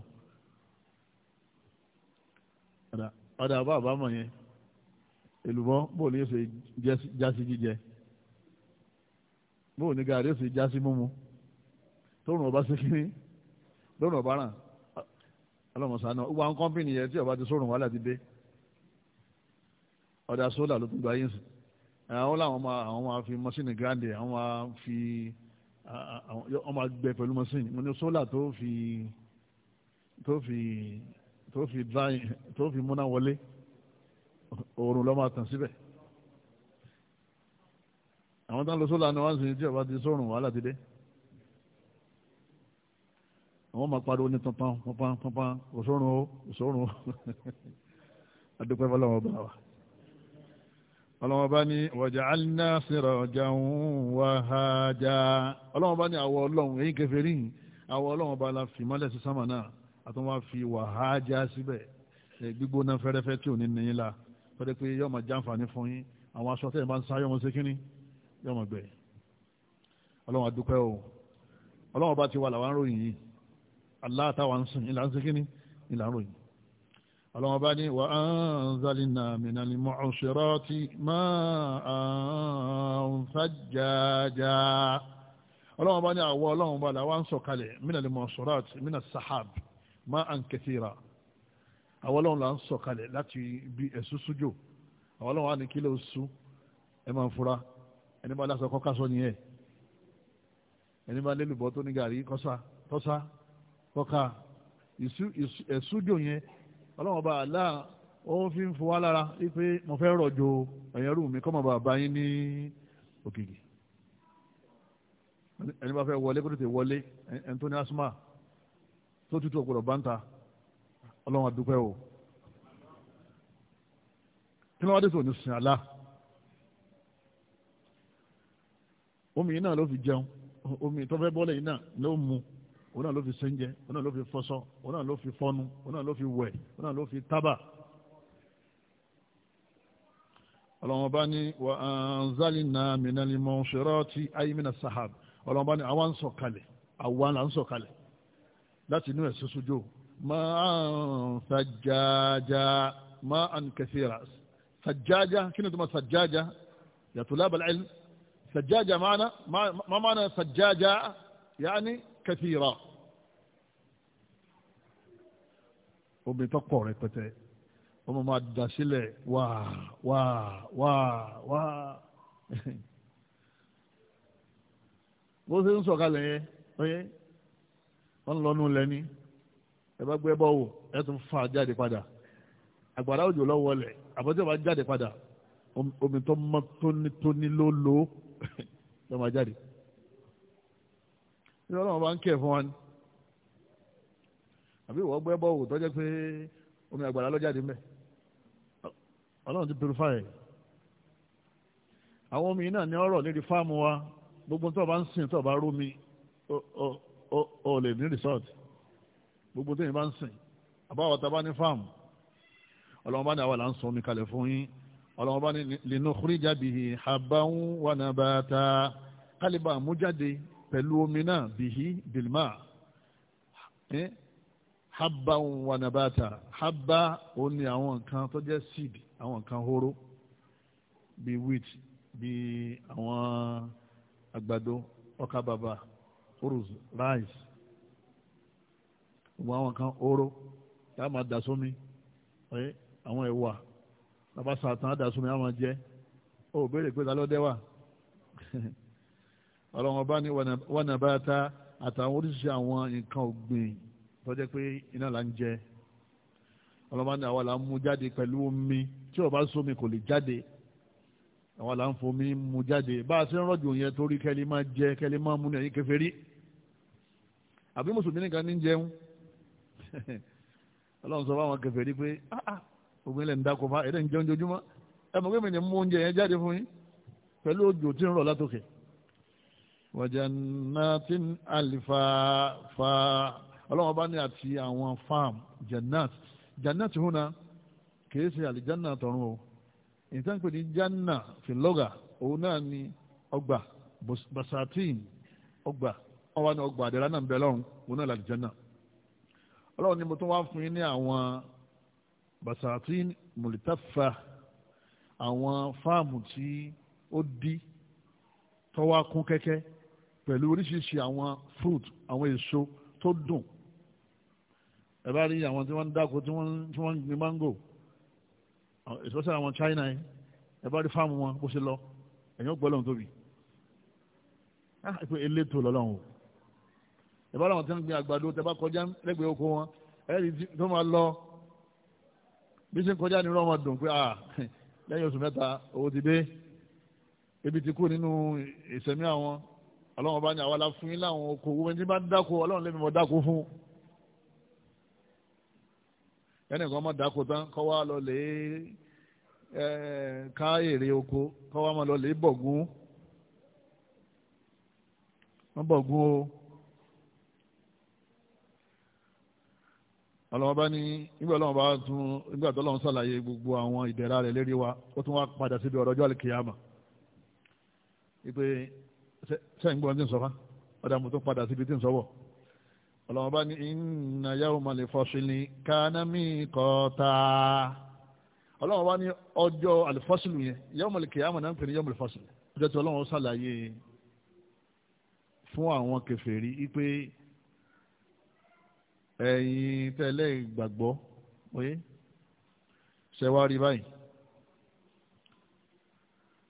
ọ̀dà àbá àbámọ̀ yẹn èlùbọ́ bóòlù yóò ṣe jásí jíjẹ bóun ní gàrí ó já sí mímu tóun ọba sí kínní lóun ọba ràn ọlọ́mọsá náà wọ́n kọ́mpìnì yẹn tí ọba ti sórun wàhálà ti dé ọ̀dà sólà ló tún gba yín sí àwọn làwọn máa àwọn máa fi mọ́sìnì gíráǹdì àwọn máa fi àwọn máa gbẹ pẹ̀lú mọ́sìnì mo ní sólà tó fi tó fi tó fi dráyìn tó fi múná wọlé oòrùn ló máa tàn síbẹ̀ àwọn tó ń lo sólà ni wọ́n ń sìn tí ọba ti sórùn wàhálà ti dé àwọn máa pariwo ní pampan pampan pampan òṣòrùn o òṣòrùn o adúpẹ́ fọlọ́wọ́n bá wa ọlọ́wọ́n bá ní waja'alna sirajan wahaja ọlọ́wọ́n bá ní àwọ̀ ọlọ́run èyí kèfèrí àwọ̀ ọlọ́run bá la fi mọ́lẹ̀ sí sámà náà àtún wá fi wahaja síbẹ̀ gbígbóná fẹ́rẹ́fẹ́ tí ò ní nìyí la tọ́lẹ́ pé yọ́ọ̀ yóò mọ̀ gbẹ ọlọ́run adúpẹ́ o ọlọ́run ọba ti wà làwọn aròyìn yìí Allah táwa ń sìn ìlà ń sìn kínní ìlà ń ròyìn ọlọ́run ọba ní wa anzalna minal mu'sirati ma'an sajjaja ọlọ́run ọba ní àwọ ọlọ́run ọba làwọn ń sọ̀kalẹ̀ minal mu'sirati minas sahab ma'an kathira àwọn ọlọ́run là ń sọ̀kalẹ̀ láti bí ẹ̀sùn sújò àwọn ọlọ́run á ní kílẹ̀ oṣù ẹ̀ máa ń fura ẹni bá lásán kọ́ kásọ nìyẹn ẹni bá lélùbọ́ tó ní gàrí kọ́sá tọ́sá kọ́ka ìsújò yẹn ọlọ́wọ́n bá àlá ó fi ń fowá lára wípé mo fẹ́ rọ̀jò ẹ̀yẹ rú mi kọ́mọ̀ bàbá yín ní òkìkí ẹni bá fẹ́ wọlé kó tètè wọlé ẹni tó ní asma tó tútù ọ̀gbọ̀dọ̀ bá ń ta ọlọ́wọ́n adúpẹ́ o kí ló wá dé tó ní sin àlá. omi yìí náà ló fi jẹun omi tó fẹ́ bọ́lẹ̀ yìí náà ló mu òun náà ló fi sẹ́ńjẹ òun náà ló fi fọṣọ òun náà ló fi fọnu òun náà ló fi wẹ̀ òun náà ló fi tábà. ọlọ́wọ́n bá ní wà á ń zálì náà mìíràn ti ayé mìíràn sahab ọlọ́wọ́n bá ní àwa ń sọ̀kalẹ̀ àwa là ń sọ̀kalẹ̀ láti inú ẹ̀sìn sójó máa ń sàjájá máa ń kẹfìrà sàjájá kí ni tó máa sàjájá yàtọ̀ lábàlẹ́ سجاجة معنى ما معنى سجاجة يعني كثيرة omi tó pọ̀ rẹpẹtẹ ọmọ máa وا وا وا. wá wá wá bó ṣe ń sọ̀kalẹ̀ yẹn oye wọ́n ń lọ́nu lẹ́ni ẹ bá gbé bọ́wọ́ ẹ tún fà jáde padà àgbàrá òjò lọ́wọ́lẹ̀ àbọ̀tí ọba jáde padà omi tó mọ́ tónítóní ló lò ó ló máa jáde ní ọlọ́run bá ń kẹ́ fún wa ni àbí ìwọ gbẹ́ bọ́ọ̀wù tó jẹ́ pé omi àgbàlá ló jáde mbẹ́ ọlọ́run ti purify ẹ̀ àwọn omi náà ní ọ̀rọ̀ lédi fáàmù wa gbogbo tó o bá ń sìn tó o bá rómi o lè ní resort gbogbo tó yẹn bá ń sìn àbáwọ̀ tá a bá ní fáàmù ọlọ́run bá ní àwa là ń sọ omi kalẹ̀ fún yín ọlọ́wọ́n bá ní linukhrija bihi habban wa nabata kálíbà mú jáde pẹ̀lú omi náà bihi bilma habban wa nabata habba ó ní àwọn nǹkan tó jẹ́ seed àwọn nǹkan hóró bíi wheat bíi àwọn àgbàdo ọkà bàbà oruz rice gbogbo àwọn nǹkan hóró tá máa dà sómi àwọn ẹ̀wà bàbá sàtàn àdàsùn mi àwọn jẹ́ ó béèrè pé ta ló dẹ́wà *laughs* ọlọ́run ọba ní wọnà bá ta àtàwọn oríṣiríṣi àwọn nǹkan ọ̀gbìn tó jẹ́ pé iná là ń jẹ ọlọ́run ní àwa là ń mú jáde pẹ̀lú omi tí ò bá sómi kò lè jáde àwa là ń fomi mú jáde bá a ṣe ń rọ̀jò yẹn torí kẹ́lí máa jẹ kẹ́lí máa mú ní ẹ̀yìn kèfèrí àbí mùsùlùmí nìkan ní jẹun *laughs* ọlọ́run sọ fún àwọn kèfèrí pé ògbìn ilẹ̀ ń dáko fa ẹ̀rẹ́ ń jẹun jojúmọ́ ẹ mọ̀ pé mi ni mú oúnjẹ yẹn jáde fún yín pẹ̀lú òjò tí ń rọ̀ látòkè. wàjànàtìn àlìfàfà ọlọ́wọ́n bá ní àti àwọn farm jannat jannat húnna kìí ṣe àlìjánà tọ̀run o ìtàn pè ní janna fìlọ́gà òun náà ni ọgbà basatin ọgbà ọwọ́ ni ọgbà àdẹ̀rà náà ń bẹ lọ́run òun náà làlìjánà ọlọ́wọ́n ni mo tún wá fún yín ní àwọn basatin mulitafa àwọn fáàmù tí ó di tọ́wá kún kẹ́kẹ́ pẹ̀lú oríṣiríṣi àwọn fruit àwọn èso tó dùn ẹ bá rí àwọn tí wọ́n ń dáko tí wọ́n ń gbin mango especially àwọn China yẹn ẹ bá rí fáàmù wọn bó ṣe lọ ẹ̀yìn ọgbọ́n lọ́hùn tóbi ah, pé elétò lọ́lọ́hùn o ẹ bá rí àwọn tí wọ́n ń gbin àgbàdo tẹ bá kọjá lẹ́gbẹ̀ẹ́ oko wọn ẹ̀rí tó máa lọ bí ṣe ń kọjá ní rọmọ dùn pé à lẹ́yìn oṣù mẹ́ta owó ti dé ebi ti kú nínú ìsẹ̀mí àwọn ọlọ́run bá ní àwa la fún yín láwọn oko owó ẹni tí bá dáko ọlọ́run lè mọ̀ dáko fún ẹnì kan mọ̀ dáko tán kọ́ wa lọ lè ká èrè oko kọ́ wa mọ̀ lọ lè bọ̀gún wọ́n bọ̀gún o. ọlọ́wọ́n ni ní nígbà ọlọ́wọ́n bá tún nígbà tó lọ́wọ́n sàlàyé gbogbo àwọn ìdẹ̀ra rẹ̀ lérí wa ó tún wá padà síbi ọ̀rọ̀ ọjọ́ àlìkìyàmà wípé sẹ́yìn gbọ́n tí ń sọ fá ọ̀dà mo tún padà síbi tí ń sọ́wọ́ ọlọ́wọ́n bá ní inna yawmal fasli kana miqata ọlọ́wọ́n bá ọjọ́ àlìfọ́sìlì yẹn yawmal kìyàmà náà ń pè ní yawmal fasli ọjọ́ tí ọlọ́wọ́n sàlàyé fún àwọn kèfèrí wípé ẹ̀yin tẹ́lẹ̀ ìgbàgbọ́ oyé ṣẹwárí báyìí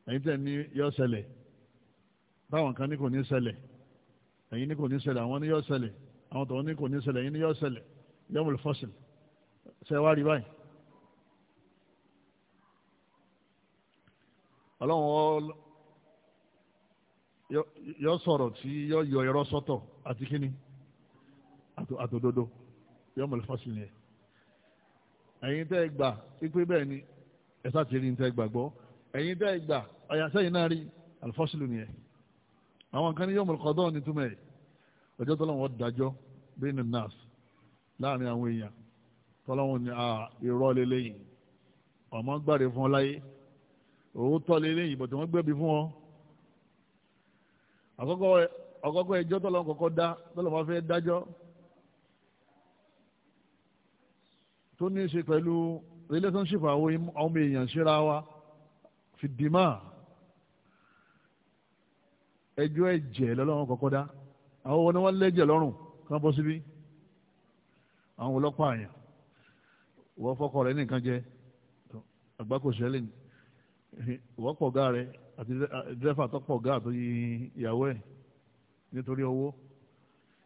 ẹ̀yin tẹ́ ní yọ ṣẹlẹ̀ báwọn kan ní kò ní ṣẹlẹ̀ ẹ̀yin ní kò ní ṣẹlẹ̀ àwọn ní yọ ṣẹlẹ̀ àwọn tọ̀hún ní kò ní ṣẹlẹ̀ ẹ̀yin ní yọ ṣẹlẹ̀ yọmùl fọ́sìl ṣẹwárí báyìí. ọlọ́run yọ sọ̀rọ̀ tí yọ yọ ẹ̀rọ sọ́tọ̀ àti kíni àtòdodo yọmọ lè fọ́sí yẹn ẹ̀yin tẹ́ ẹ gbà ipe bẹ́ẹ̀ ni ẹ̀sà ti rí ní tẹ́ ẹ gbàgbọ́ ẹ̀yin tẹ́ ẹ gbà ọ̀yà sẹ́yìn náà rí àlùfọ́sílù nìyẹn àwọn kan ní yọmọ lọ́kọ̀dọ́ ní túmẹ̀ ọjọ́ tọ́lọ́wọ́n dájọ́ bẹ́ẹ̀ ni nurse láàrin àwọn èèyàn tọ́lọ́wọ́n ni irọ́ lélẹ́yìn ọmọ gbàre fún ọ láyé òótọ́ lélẹ́yìn bọ̀tẹ̀ wọ́n gbẹ̀bí fún ọ àkọ́kọ́ ẹjọ́ tọ́lọ́wọ́n kọ́kọ́ dá tọ́lọ́wọ́n fẹ́ dájọ́ tó ní í ṣe pẹ̀lú relationship àwọn ọmọ èèyàn síra wa fìdímà ẹjọ́ ẹ̀jẹ̀ lọ́lọ́run kọ́kọ́ dá àwọn wọn ni wọ́n lẹ́jẹ̀ lọ́rùn kí wọ́n bọ́ síbí àwọn ọlọ́pàá àyàn wọ́n fọ́kọ rẹ̀ nìkan jẹ àgbákòṣẹ́lẹ̀ wọ́n pọ̀ gá rẹ̀ àti dírẹ́fà tó pọ̀ gá àti ìyàwó ẹ̀ nítorí owó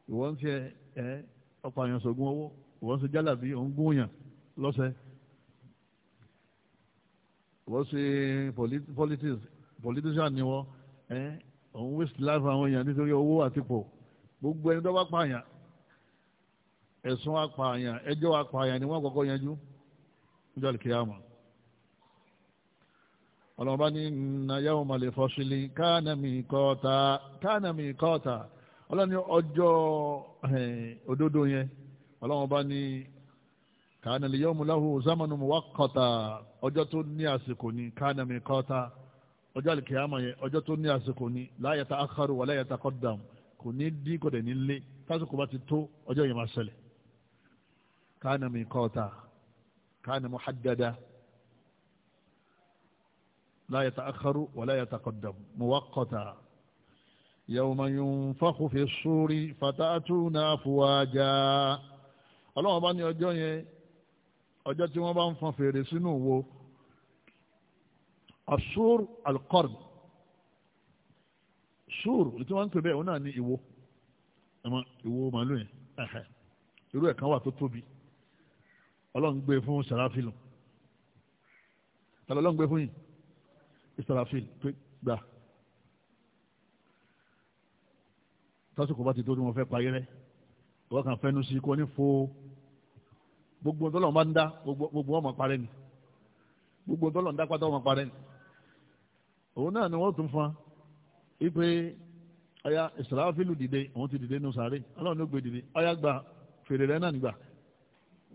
ìwọ́n ń ṣe ẹ̀ ọ̀pọ̀ àyàn sọ̀gùn owó ìwọ́n ń ṣe jálàbí òun gún yàn lọ́sẹ̀ wọ́n ṣe politics politician ni wọ́n òun waste life àwọn nítorí owó gbogbo ẹni tó bá pààyàn ẹ̀sùn apààyàn ẹjọ́ apààyàn ni wọ́n kọ́kọ́ yanjú níjọ́ àlùkìyàmọ̀ bá ní nà yawma lè fọ́sílì kánàmì kọ́ta kánàmì kọ́ta ọlọ́ni ọjọ́ òdodo yẹn kàánà lè yọ́mu láhùn zamanu mu wá kọ́ta ọjọ́ tó ní àsìkò ni kàánà mi kọ́ta ọjọ́ àlìkìyàmọ̀ yẹn ọjọ́ tó ní àsìkò ni láyàtà akharu wà láyàtà kọ́dàm kò ní dí kò dẹ̀ ní lé tásìkò bá ti tó ọjọ́ yẹn máa ṣẹlẹ̀ kàánà mi kọ́ta kàánà mu haddada láyàtà akharu wà láyàtà kọ́dàm mu wá kọ́ta yawma yunfakhu fi suri fata'atuna afwaja ọlọ́wọ́n bá ní ọjọ́ yẹn ọjọ́ tí wọ́n bá ń fọn fèrè sínú wo asur alqarn sur tí wọ́n ń pè bẹ́ẹ̀ òun náà ní ìwo ẹ̀mọ ìwo màálù yẹn ẹ̀hẹ̀ irú ẹ̀ kan wà tó tóbi ọlọ́run gbé e fún sàràfìlù tàbí ọlọ́run gbé e fún yìí ìsàràfìlù pé gbà tásìkò bá ti tó tí wọ́n fẹ́ parí rẹ̀ wọ́n kàn fẹ́nu sí kó ní fo gbogbo tọ́lọ̀ bá ń dá gbogbo wọn máa parẹ́ ni gbogbo tọ́lọ̀ ń dá pátá wọn máa parẹ́ ni òun náà ni wọ́n tún fún wa wípé ọya ìsìláfílù dìde òun ti dìde nù sàárè ọlọ́run ló gbé dìde ọya gba fèrè rẹ náà nígbà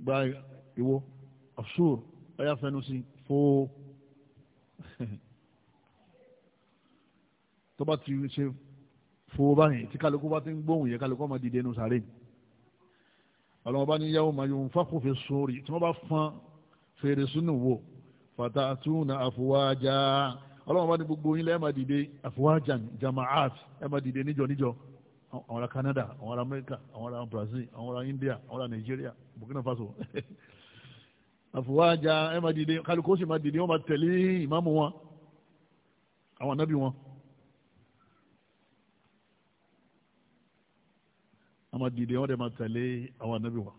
gba ìwo ọ̀ṣùr ọya fẹnu sí fòó *laughs* tó bá ti ṣe fòó báyìí tí kálukú bá ti ń gbóhùn yẹ kálukú ọmọ dìde nù sàárè ni ọlọ́wọ́n bá ní yawma máa yóò fákò fi sórí tí wọ́n bá fọn fèrè sínú wò fàtà àtúnà àfọwájà ọlọ́wọ́n bá ní gbogbo yín lẹ́ẹ̀ máa dìde àfọwájà jamaat ẹ̀ máa dìde níjọ níjọ àwọn ará Canada àwọn ará America àwọn ará Brazil àwọn ará India àwọn ará Nigeria Burkina Faso àfọwájà *laughs* ẹ̀ máa dìde kálukó sì máa dìde wọ́n máa tẹ̀lé ìmáàmù wọn àwọn ànábì wọn. wọ́n máa dìde wọ́n dẹ̀ máa tẹ̀lé àwọn wa.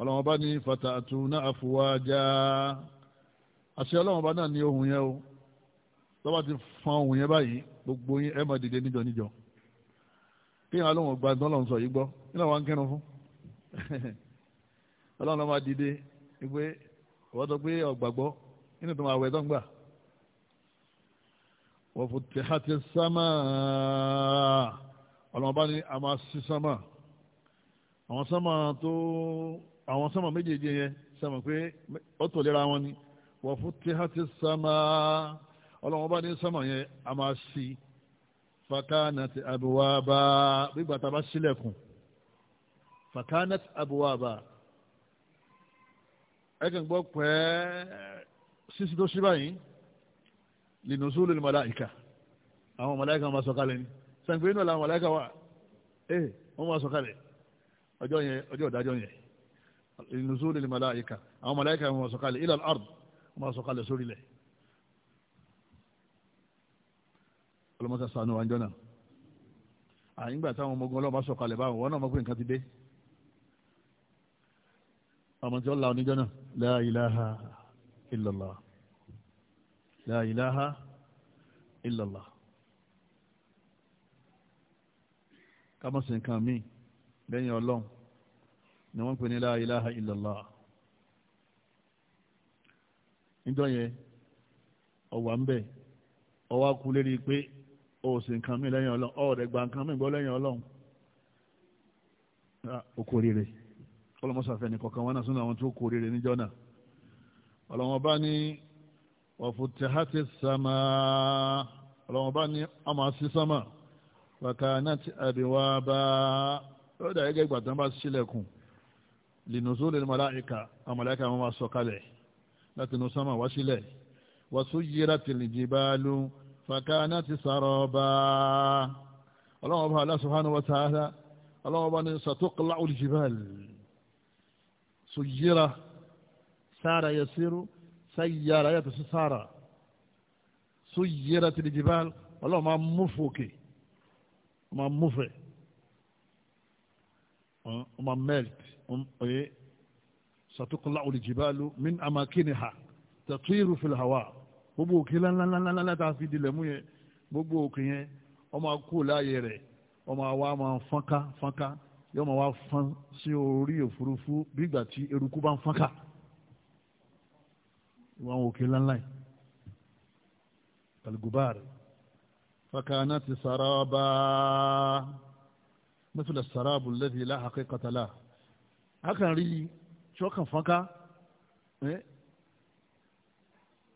ọlọ́wọ́n bá ní fata àtúná àfọwájá àṣẹ ọlọ́wọ́n bá náà ní ohun yẹn o tọ́ba ti fọn ohun yẹn báyìí gbogbo yín ẹ máa dìde níjọ níjọ kéèyàn alóhùn gba ìtàn lọ́n sọ yìí gbọ́ nínú àwọn akẹ́rùn fún *laughs* ọlọ́run lọ́ọ́ máa dìde wípé ọ̀wọ́ tó pé ọ̀gbàgbọ́ nínú tó máa wẹ̀ tó ń gbà wọ̀fùtìhàtì sámà ọlọ́mọba ni a máa sí sámà àwọn sámà tó àwọn sámà méjèèjì yẹn sámà pé ó tò lera wọn ni wọ̀fùtìhàtì sámà ọlọ́mọba ni sámà yẹn a máa sí fakanati abuwaba gbígbà tá a bá sílẹ̀kùn fakanati abuwaba ẹ kàn gbọ́ pẹ́ẹ́ sísí tó sí báyìí lìnùsúlù ní màláìka àwọn màláìka máa sọ̀kalẹ̀ ni sàǹpé inú làwọn màláìka wà ee eh, wọ́n máa sọ̀kalẹ̀ ọjọ́ yẹn ọjọ́ ìdájọ́ yẹn lìnùsúlù ní màláìka àwọn màláìka máa sọ̀kalẹ̀ ilal ard máa sọ̀kalẹ̀ sórí lẹ̀ ọlọ́mọta sànù àjọ náà àyìngbà táwọn ọmọ ogun ọlọ́mọ sọ̀kalẹ̀ báwọn wọn náà mọ̀ pé nǹkan ti dé ọmọ tí ó la oníjọ́ náà la ilaha illallah la ilaha illallah kámọ́sí lẹ́yìn ọlọ́run ni wọ́n pè ní la ilaha illallah níjọ́ yẹn ọ̀wà ń bẹ̀ ọwá kú lérí pé lẹ́yìn ọlọ́run ọ̀rẹ́ gba nǹkan míì gbọ́ lẹ́yìn ọlọ́run ah, okò rere ọlọ́mọsàfẹ́ nìkọ̀ọ̀kan wọn náà àwọn tó kò níjọ́ náà bá ní. wàfùtìhátì sàmà ọlọ́wọ́n bá ní ọmọ sí sàmà wàkànàtì àbíwá bá ó dà gẹ́gẹ́ ìgbà tó ń bá sílẹ̀kùn lìnùzó lè mọ̀láìka àmọ̀láìka wọn máa sọ kalẹ̀ láti nu sàmà wá sílẹ̀ wàsú yíra tìlì jìbálù wàkànàtì sàrọ̀ bá ọlọ́wọ́n bá Allah subhanahu wa ta'ala ọlọ́wọ́n bá ní sàtúkọ̀lá olùjìbálù sùyíra sára yasiru sáyára yàtọ̀ sí sára sóyẹ́ra tìlì jìbá ọlọ́run máa mú fòkè máa mú fẹ̀ ọmọ melt ọyẹ sàtúkọlá olùjìbálù min amakiniha tàtúrù fìlàwà gbogbo òkè lánlánlánlá tá a fi dilẹ̀ mú yẹn gbogbo òkè yẹn ọmọ akú láàyè rẹ̀ ọmọ àwa máa fọ́nká fọ́nká yọmọ wa fọ́n sí orí òfurufú bí ìgbà tí eruku bá ń fọ́nká ìwọ àwọn òkè ńláńlá yìí kalgubar fakana ti saraba mẹsùlẹ sarabu lẹbi láhàkẹ katala a kan rí ṣọkan fọnká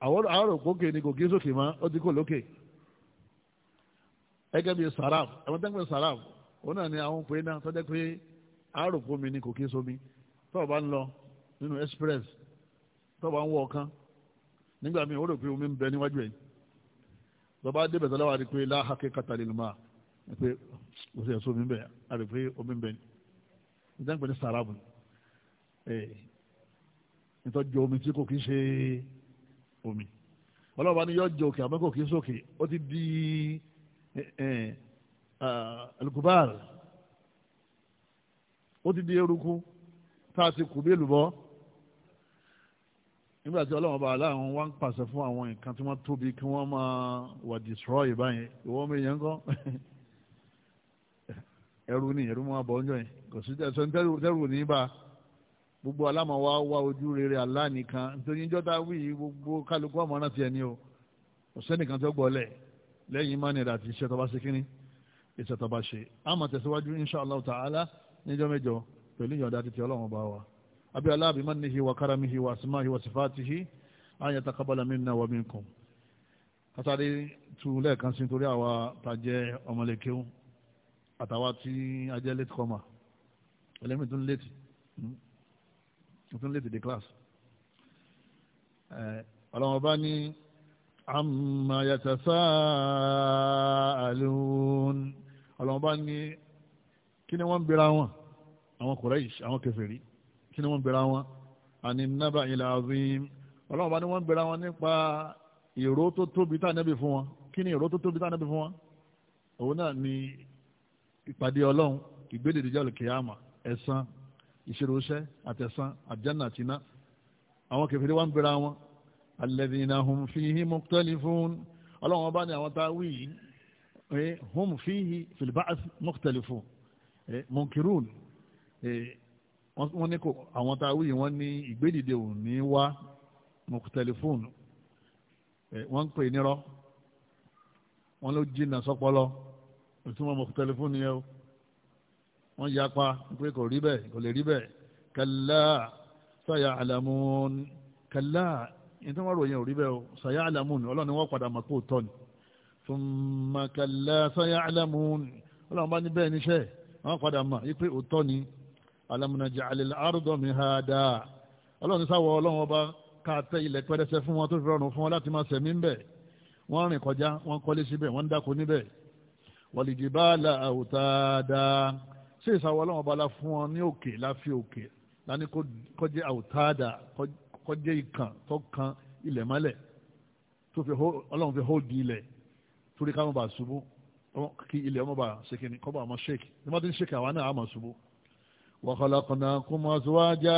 àwọn àárò gòkè ni gòkè sókè mọ ó ti kò lókè ẹgẹ bíi sarabu ẹgbẹ́ tẹ́gbẹ́ sarabu òun náà ni àwọn pé náà tọ́jẹ́ pé àárò gómi gòkè sómi tọ́ọ̀ ń lọ nínú express tọ́ọ̀ ń wọ ọ̀kan nígbà míì ó rò pé omi ń bẹ níwájú ẹ̀ bàbá débẹ̀ sọ́lá wa rí pé láhàkè kàtàlélùmá pé kò sí ẹ̀sọ́ omi ń bẹ a rí pé omi ń bẹ ní níta ń pè ní sàràbù omi tí kò kí ṣe omi ọlọ́ọ̀bá ni yọ jẹ òkè àmọ́ kò kí sókè ó ti di alukubar ó ti di eruku tá a ti kù bí èlùbọ́ nígbà tí ọlọ́run bá aláwọn wá ń pàṣẹ fún àwọn nǹkan tí wọ́n tóbi kí wọ́n máa wà destroy báyẹn ìwọ́n mi yẹn ń kọ́ ẹrù ni ẹrù máa bọ̀ ọ́njọ́ yẹn kò sí ẹ̀sọ́ tẹ́rù ní bá gbogbo aláma wá ojú rere Allah nìkan nítorí níjọ́ tá a wí gbogbo kálukú ọmọ náà tiẹ̀ ní o kò sẹ́nìkan tó gbọ́ lẹ̀ lẹ́yìn mánìlá àti iṣẹ́ tó bá ṣe kínní iṣẹ́ tó bá ṣe á máa tẹ̀síwájú insha Allah ta'ala níjọ́ mẹ́jọ pẹ̀lú ìyọ̀dá títí أبي الله بمنه وكرمه وأسمائه وصفاته أن يتقبل منا ومنكم أتاري تولي كان سنتوري أو تاجي أمالكيو أتواتي أجلت كوما ẹlẹ́mì tún létí hmm? tún létí di class eh, ọlọ́wọ́n bá ní amma yatasaalun ọlọ́wọ́n bá ni wọ́n ń bèèrè àwọn àwọn Quraish àwọn kèfèrí kí ni wọ́n bẹ̀rẹ̀ wọn àní nábà ilẹ̀ azim ọlọ́run bá ní wọ́n bẹ̀rẹ̀ wọn nípa ìró tó tóbi tá nẹ́bí fún wọn kí ni ìró tó tóbi tá nẹ́bí fún wọn òun náà ni ìpàdé ọlọ́run ìgbédè ìdíjà olùkèyàmà ẹ̀san ìṣiròṣẹ́ àtẹ̀san àjánà àtiná àwọn kẹfìrí wọn bẹ̀rẹ̀ wọn alladhina hum fihi mukhtalifun ọlọ́run bá ní àwọn tá a wí yìí eh, hum fihi fil ba'th mukhtalifun eh, munkirun eh, wọ́n ní kò àwọn tá a wí wọ́n ní ìgbédìde ò ní wá mọ̀kù tẹlifóònù wọ́n ń pè nírọ́ wọ́n ló jìnnà sọ́pọ́lọ́ ìtumọ̀ mọ̀kù tẹlifóònù yẹn o wọ́n yapa pé kò rí bẹ́ẹ̀ kò lè rí bẹ́ẹ̀ kalla sọ̀yà àlàmùn kalla ìtàn wọ́n ò rí bẹ́ẹ̀ o sọ̀yà àlàmùn ọlọ́run ni wọ́n padà mọ̀ pé òótọ́ ni thumma kalla sọ̀yà àlàmùn ọlọ́run bá ní bẹ́ẹ̀ níṣẹ́ wọ́n padà mọ̀ yí pé òótọ́ ni alámúnájà àlèlè àrùdọ̀ mi ha dáa ọlọ́run sáwọ́ ọlọ́run ọba káàtẹ́ ilẹ̀ pẹ́rẹsẹ fún wọn tó fi rọrùn fún wọn láti máa sẹ̀mí ńbẹ̀ wọ́n rìn kọjá wọ́n kọ́lé síbẹ̀ wọ́n dáko níbẹ̀ wọ̀lìjì bá la àwòtá ṣé ìsàwọ́ ọlọ́run ọba la fún wọn ní òkè láfi òkè láni kọjá àwòtá kọjá ìkàn tó kan ilẹ̀ mọ́lẹ̀ tó fi ọlọ́run fi hóòdì ilẹ̀ torí ká má ṣubú kí ilẹ̀ ọmọ bá ṣèkìní kọ́ bá ọmọ ṣèkì ní wọ́n ń ṣèkì àwa náà á máa ṣubú wa khalaqnakum azwaja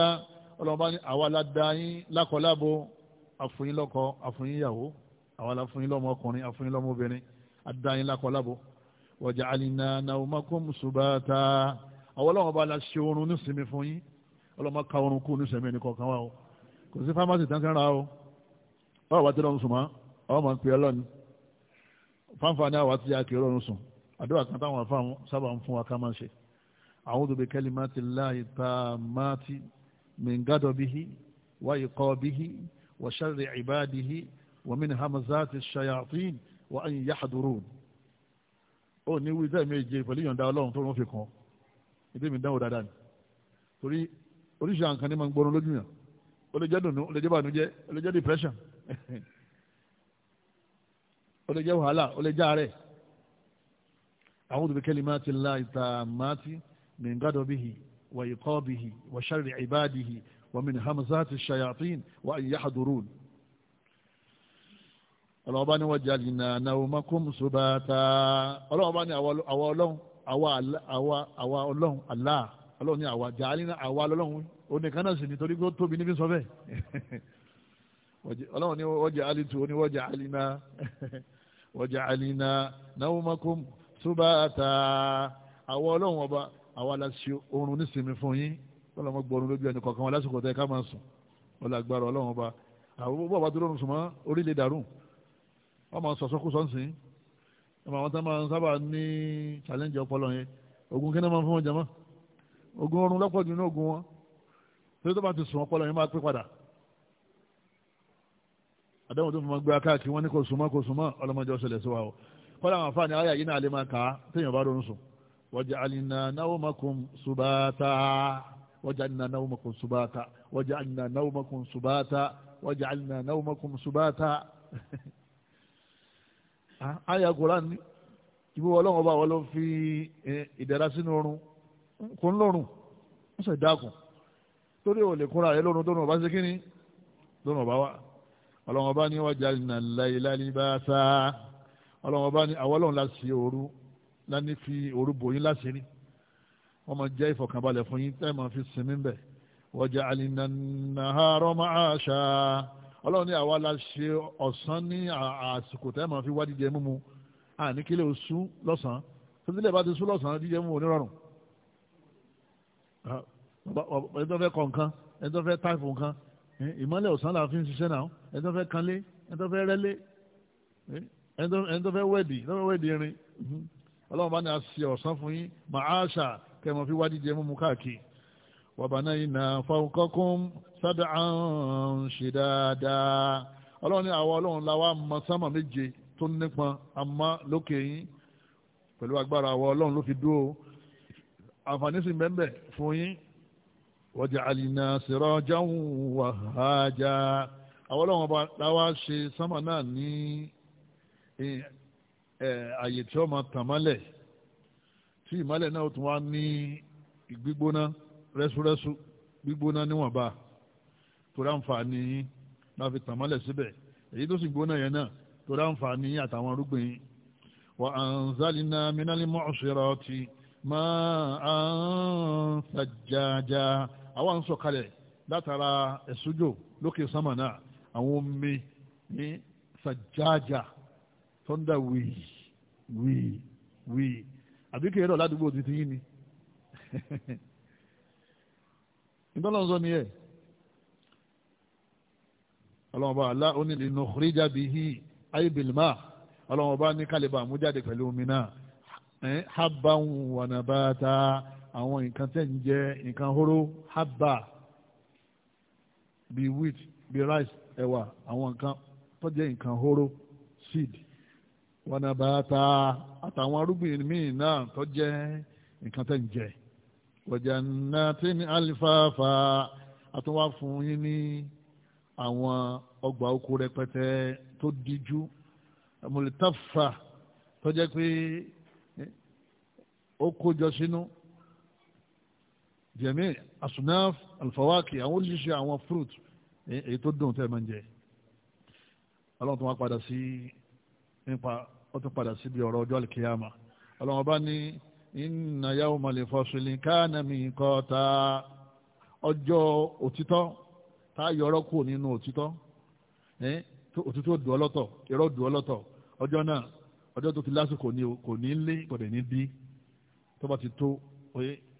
ọlọ́ba ní àwa la dá yín lákọ̀ọ́lábo àfúnyín lọ́kọ àfúnyín ìyàwó àwa la fúnyín lọ́mọ ọkùnrin àfúnyín lọ́mọ obìnrin àdá yín lákọ̀ọ́lábo wa ja'alna nawmakum subata àwọn ọlọ́ba la ṣe oorun nísìmí fún yín ọlọ́mọ ká oorun kú nísìmí ẹnì kọ̀ọ̀kan wa o kò sí fámásì tán o báwo a'udhu bi kalimati llahi tammati min ghadabihi wa iqabihi wa sharri ibadihi wa min hamazati shayatin wa an yahdurun ó ní wí sẹ́ẹ̀ méje pẹ̀lú ìyọ̀ǹda ọlọ́run tó wọ́n fi kàn ìdí mi dánwò dáadáa ni torí oríṣi àǹkan ní máa ń gbóná lójú yàn ó lè jẹ́ dùnú ó lè jẹ́ bànújẹ́ ó lè jẹ́ depression *laughs* ó lè jẹ́ wàhálà ó lè jẹ́ àárẹ̀ a'udhu bi kalimati llahi tammati. من غضبه وإيقابه وشر عباده ومن همزات الشياطين وأن يحضرون ọlọ́ọ̀bá ni wọ́n jalè náà naumakum subata ọlọ́ọ̀bá ni àwa ọlọ́run àwa ọlọ́run Allah ọlọ́run ni àwa jalè náà àwa ọlọ́run oníkan náà sì nítorí pé ó tóbi níbi sọ bẹ́ẹ̀ *laughs* ọlọ́run ni wọ́n jalè tu ni wọ́n jalè náà *laughs* wọ́n jalè náà naumakum subata àwa ọlọ́run ọba àwa la ṣe oorun nísìnyí fún yín wọ́n lọ́mọ gbọ́run lójú ẹni kọ̀ọ̀kan wọn lásìkò tẹ́ ká máa sùn wọ́n lọ agbára ọlọ́run ọba àwọn bọ́ọ̀ bá dúró sùn mọ́ orílẹ̀ dàrú wọ́n máa sọ̀sọ́ kú sọ́nsìn ẹ̀mọ àwọn táwọn máa ń sábà ní challenge ọpọlọ yẹn ogun kí ni wọ́n fún wọn jẹ́mọ́ ogun oorun lọ́pọ̀ jù ní ogun wọn torí tó bá ti sùn ọpọlọ yẹn máa pé padà àdáwọn tó fi máa gbé akáàkiri wọn ní kò sùn mọ́ kò sùn mọ́ ọlọ́mọdé ọ̀sẹ̀ lẹ̀ wa o kọ́lá وجعلنا نومكم سباتا وجعلنا نومكم سباتا وجعلنا نومكم سباتا وجعلنا نومكم سباتا *laughs* ah, aya Qur'an ni ibi ọlọ́run ọba wọn ló fi eh, ìdẹ̀ra sínú oorun kò ń lọ́rùn ó sì dákun torí ò lè kúnra rẹ lọ́rùn tó nù ọba ṣe kíni lọ́rùn ọba wa ọlọ́run ọba ní waja'alna al-layla libasa ọlọ́run ọba ní àwọn ọlọ́run la sí òru lání fi orúbó yín láṣìírí wọ́n máa jẹ́ ìfọ̀kànbalẹ̀ fún yín tẹ́ máa fi sinmi bẹ̀ wọ́jà àlìnàhàrọ́ máa ṣá ọlọ́run ní àwa la ṣe ọ̀sán ní àsìkò tẹ́ máa fi wá jíjẹ mímu àní kílẹ̀ oṣù lọ́sàn-án tó tilẹ̀ bá ti sún lọ́sàn-án jíjẹ mímu onírọ̀rùn ẹni tó fẹ́ kọ nǹkan ẹni tó fẹ́ táìpù nǹkan ìmọ̀lẹ̀ ọ̀sán la fi ń ṣiṣẹ́ náà ẹni tó fẹ́ kanlé ẹni tó fẹ́ rẹ́lé ẹni tó fẹ́ wẹ́ẹ̀dì ẹni tó fẹ́ wẹ́ẹ̀dì irin ọlọ́run bá ní àṣìṣe ọ̀sán fún yín màáṣà kẹmọ̀ fi wádìí jẹ múmu káàkiri wàbànà iná fọnkọ́kún sádà ń ṣe dáadáa ọlọ́run ní àwọn ọlọ́run la wá mọ sámà méje tó nípọn àmọ́ lókè yín pẹ̀lú agbára àwọn ọlọ́run ló fi dúró àǹfààní sì mẹ́mbẹ̀ fún yín wọ́jà àlìna sirajan wàhájà àwọn ọlọ́run la wá ṣe sámà náà ní àyè tí ó máa tàn mọ́lẹ̀ tí ìmọ́lẹ̀ náà tún wá ní gbígbóná rẹ́súrẹ́sú gbígbóná níwọ̀nba tó ráǹfààní náà fi tàn mọ́lẹ̀ síbẹ̀ èyí tó sì gbóná yẹn náà tó ráǹfààní àtàwọn arúgbìn wa anzalna minal mu'sirati máa ń sàjàjà àwọn ń sọ̀kalẹ̀ látara ẹ̀sùjò lókè sánmà náà àwọn omi ní sàjàjà thunder wii wii wii àbí kí ẹ̀rọ ládùúgbò ti ti yín ni ìtọ́lọ́run *laughs* sọ ni ẹ̀ ọlọ́run bá alá ó ní lè nù rí jáde hí ayé bèlìmá ọlọ́run ní kálíbà mú pẹ̀lú omi náà eh, habba wa nabata àwọn nǹkan tẹ̀ ń jẹ nǹkan hóró habba Bi wheat bi rice ẹ̀wà àwọn nǹkan tó jẹ́ nǹkan hóró seed wọnàbàtà àtàwọn arúgbìn míì náà tó jẹ́ nǹkan tẹ̀ ń jẹ wọ̀jà náà tí ní alifafa àtúnwá fún yín ní àwọn ọgbà oko rẹpẹtẹ tó díjú mọ̀lítàfà tó jẹ́ pé eh, ó kójọ sínú jẹ̀mí asunaf alfawaki àwọn oríṣiríṣi àwọn fruit eh, èyí tó dùn tẹ́ máa ń jẹ ọlọ́run tó wá padà sí nípa ó tún padà síbi ọ̀rọ̀ ọjọ́ àlìkìyàmà ọlọ́run bá ní inna yawmal fasli kana miqata ọjọ́ òtítọ́ tá a yọrọ kù nínú òtítọ́ òtítọ́ dùn ọlọ́tọ̀ irọ́ dùn ọlọ́tọ̀ ọjọ́ náà ọjọ́ tó ti lásìkò kò ní lé kò ní bí tó bá ti tó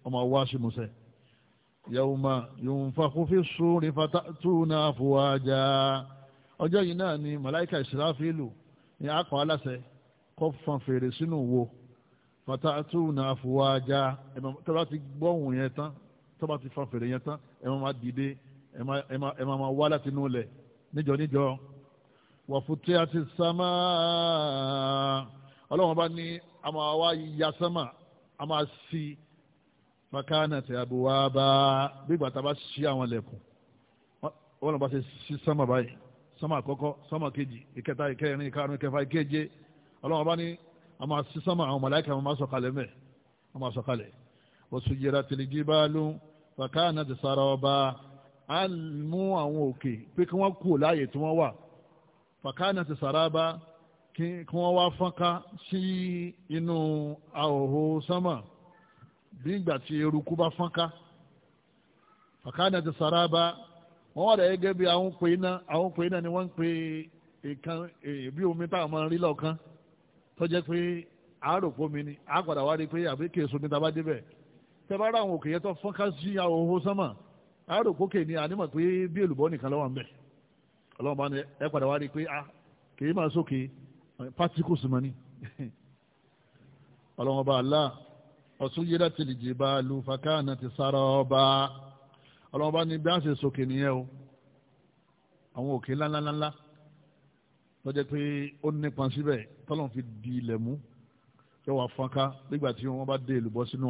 ọmọ wa ṣe musẹ̀ yawma yunfakhu fi ssuri fatatuna afwaja ọjọ́ yìí náà ni màláìka Israfilu Ni akọ aláṣẹ kó fan fèrè sínú wo fata atu na àfọwájà tó bá ti gbọ́ ohùn yẹn tán tó bá ti fan fèrè yẹn tán ẹ ma dìde ẹ máa wá láti inú lẹ̀ níjọ níjọ wàfùtí àti sámá ọlọ́run bá ní a máa ya sámà a máa sí makana tí a bò wá bá bí gbàtà bá sí àwọn lẹ̀kùn ọlọ́run bá ṣe sí sámà báyìí sánmà àkọ́kọ́ sánmà kejì ìkẹta ìkẹrin ìkarùn ìkẹfà ìkeje ọlọ́wọ́n bá ní àmà sí sánmà àwọn màláíkà àwọn máa sọ̀kalẹ̀ mẹ́ wọ́n máa sọ̀kalẹ̀ wasujiratil jibalu fakanat saraba á mú àwọn òkè pé kí wọ́n kú láàyè tí wọ́n wà fakanat saraba kí wọ́n wá fọ́nká sí inú àhòhò sánmà bí ìgbà tí eruku bá fọ́nká fakanat saraba wọ́n wà dàgẹ́ gẹ́gẹ́ bí àwọn pè iná àwọn pè iná ni wọ́n ń pè ìkan èbí omi táwọn máa ń rí lọ́ọ̀kan tó jẹ́ pé àáròpó mi ni àpàdà wá rí pé àbí kì í sunmi tá a bá débẹ̀ tẹ bá rà àwọn òkè yẹn tó fọ́n ká sí àwòhó sánmà àáròpó kè ní ànímọ̀ pé bí èlùbọ́ nìkan lọ́wọ́ ń bẹ̀ ọlọ́run bá ní ẹ padà wá rí pé a ah, kì í máa sókè particles mọ́ ni *laughs* ọlọ́run bá Allah ọ̀sùn yẹ́dá tìlìjì bá lu fakana ti sára ọba ọlọ́wọ́n bá ní bí wọ́n ṣe sókè nìyẹn o àwọn òkè ńláńláńlá lọ́jọ́ pé ó nípa síbẹ̀ tọ́lọ́n fi di ilẹ̀ mú yóò wá fọ́nká nígbà tí wọ́n bá dé èlùbọ́ sínú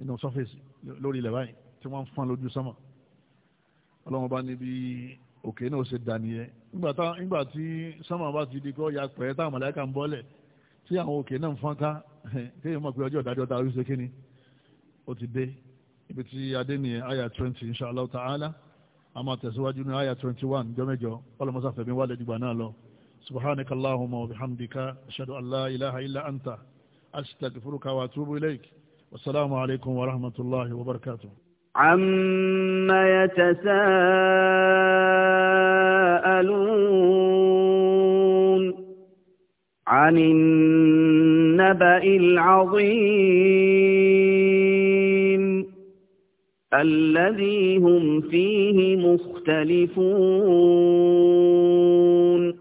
inú sọ́fẹ̀sì lórí ilẹ̀ báyìí tí wọ́n ń fọ́n lójú sánmà ọlọ́wọ́n bá ní bí òkè náà ṣe dà nìyẹn nígbà tí sánmà bá ti di kọ́ ya pẹ́ táwọn mọ̀lẹ́kà ń bọ́lẹ̀ tí àwọn òkè náà ń fọ́nká kéèyàn mọ̀ pé ọjọ́ ìdájọ́ ta orí ṣe kíni ó ti dé ibi tí adé ní àyà twenty inshallah ta'ala a máa tẹ̀síwájú ní àyà twenty one jọ́mẹ́jọ ọlọ́mọsá fẹ̀mí wà lẹ́dìgbà náà lọ subhanaka allahumma wa bihamdika ashhadu an la ilaha illa anta astaghfiruka wa atubu ilaik wasalaamu alaykum wa rahmatullahi wa barakatuh. عم يتساءلون عن النبأ العظيم الذي هم فيه مختلفون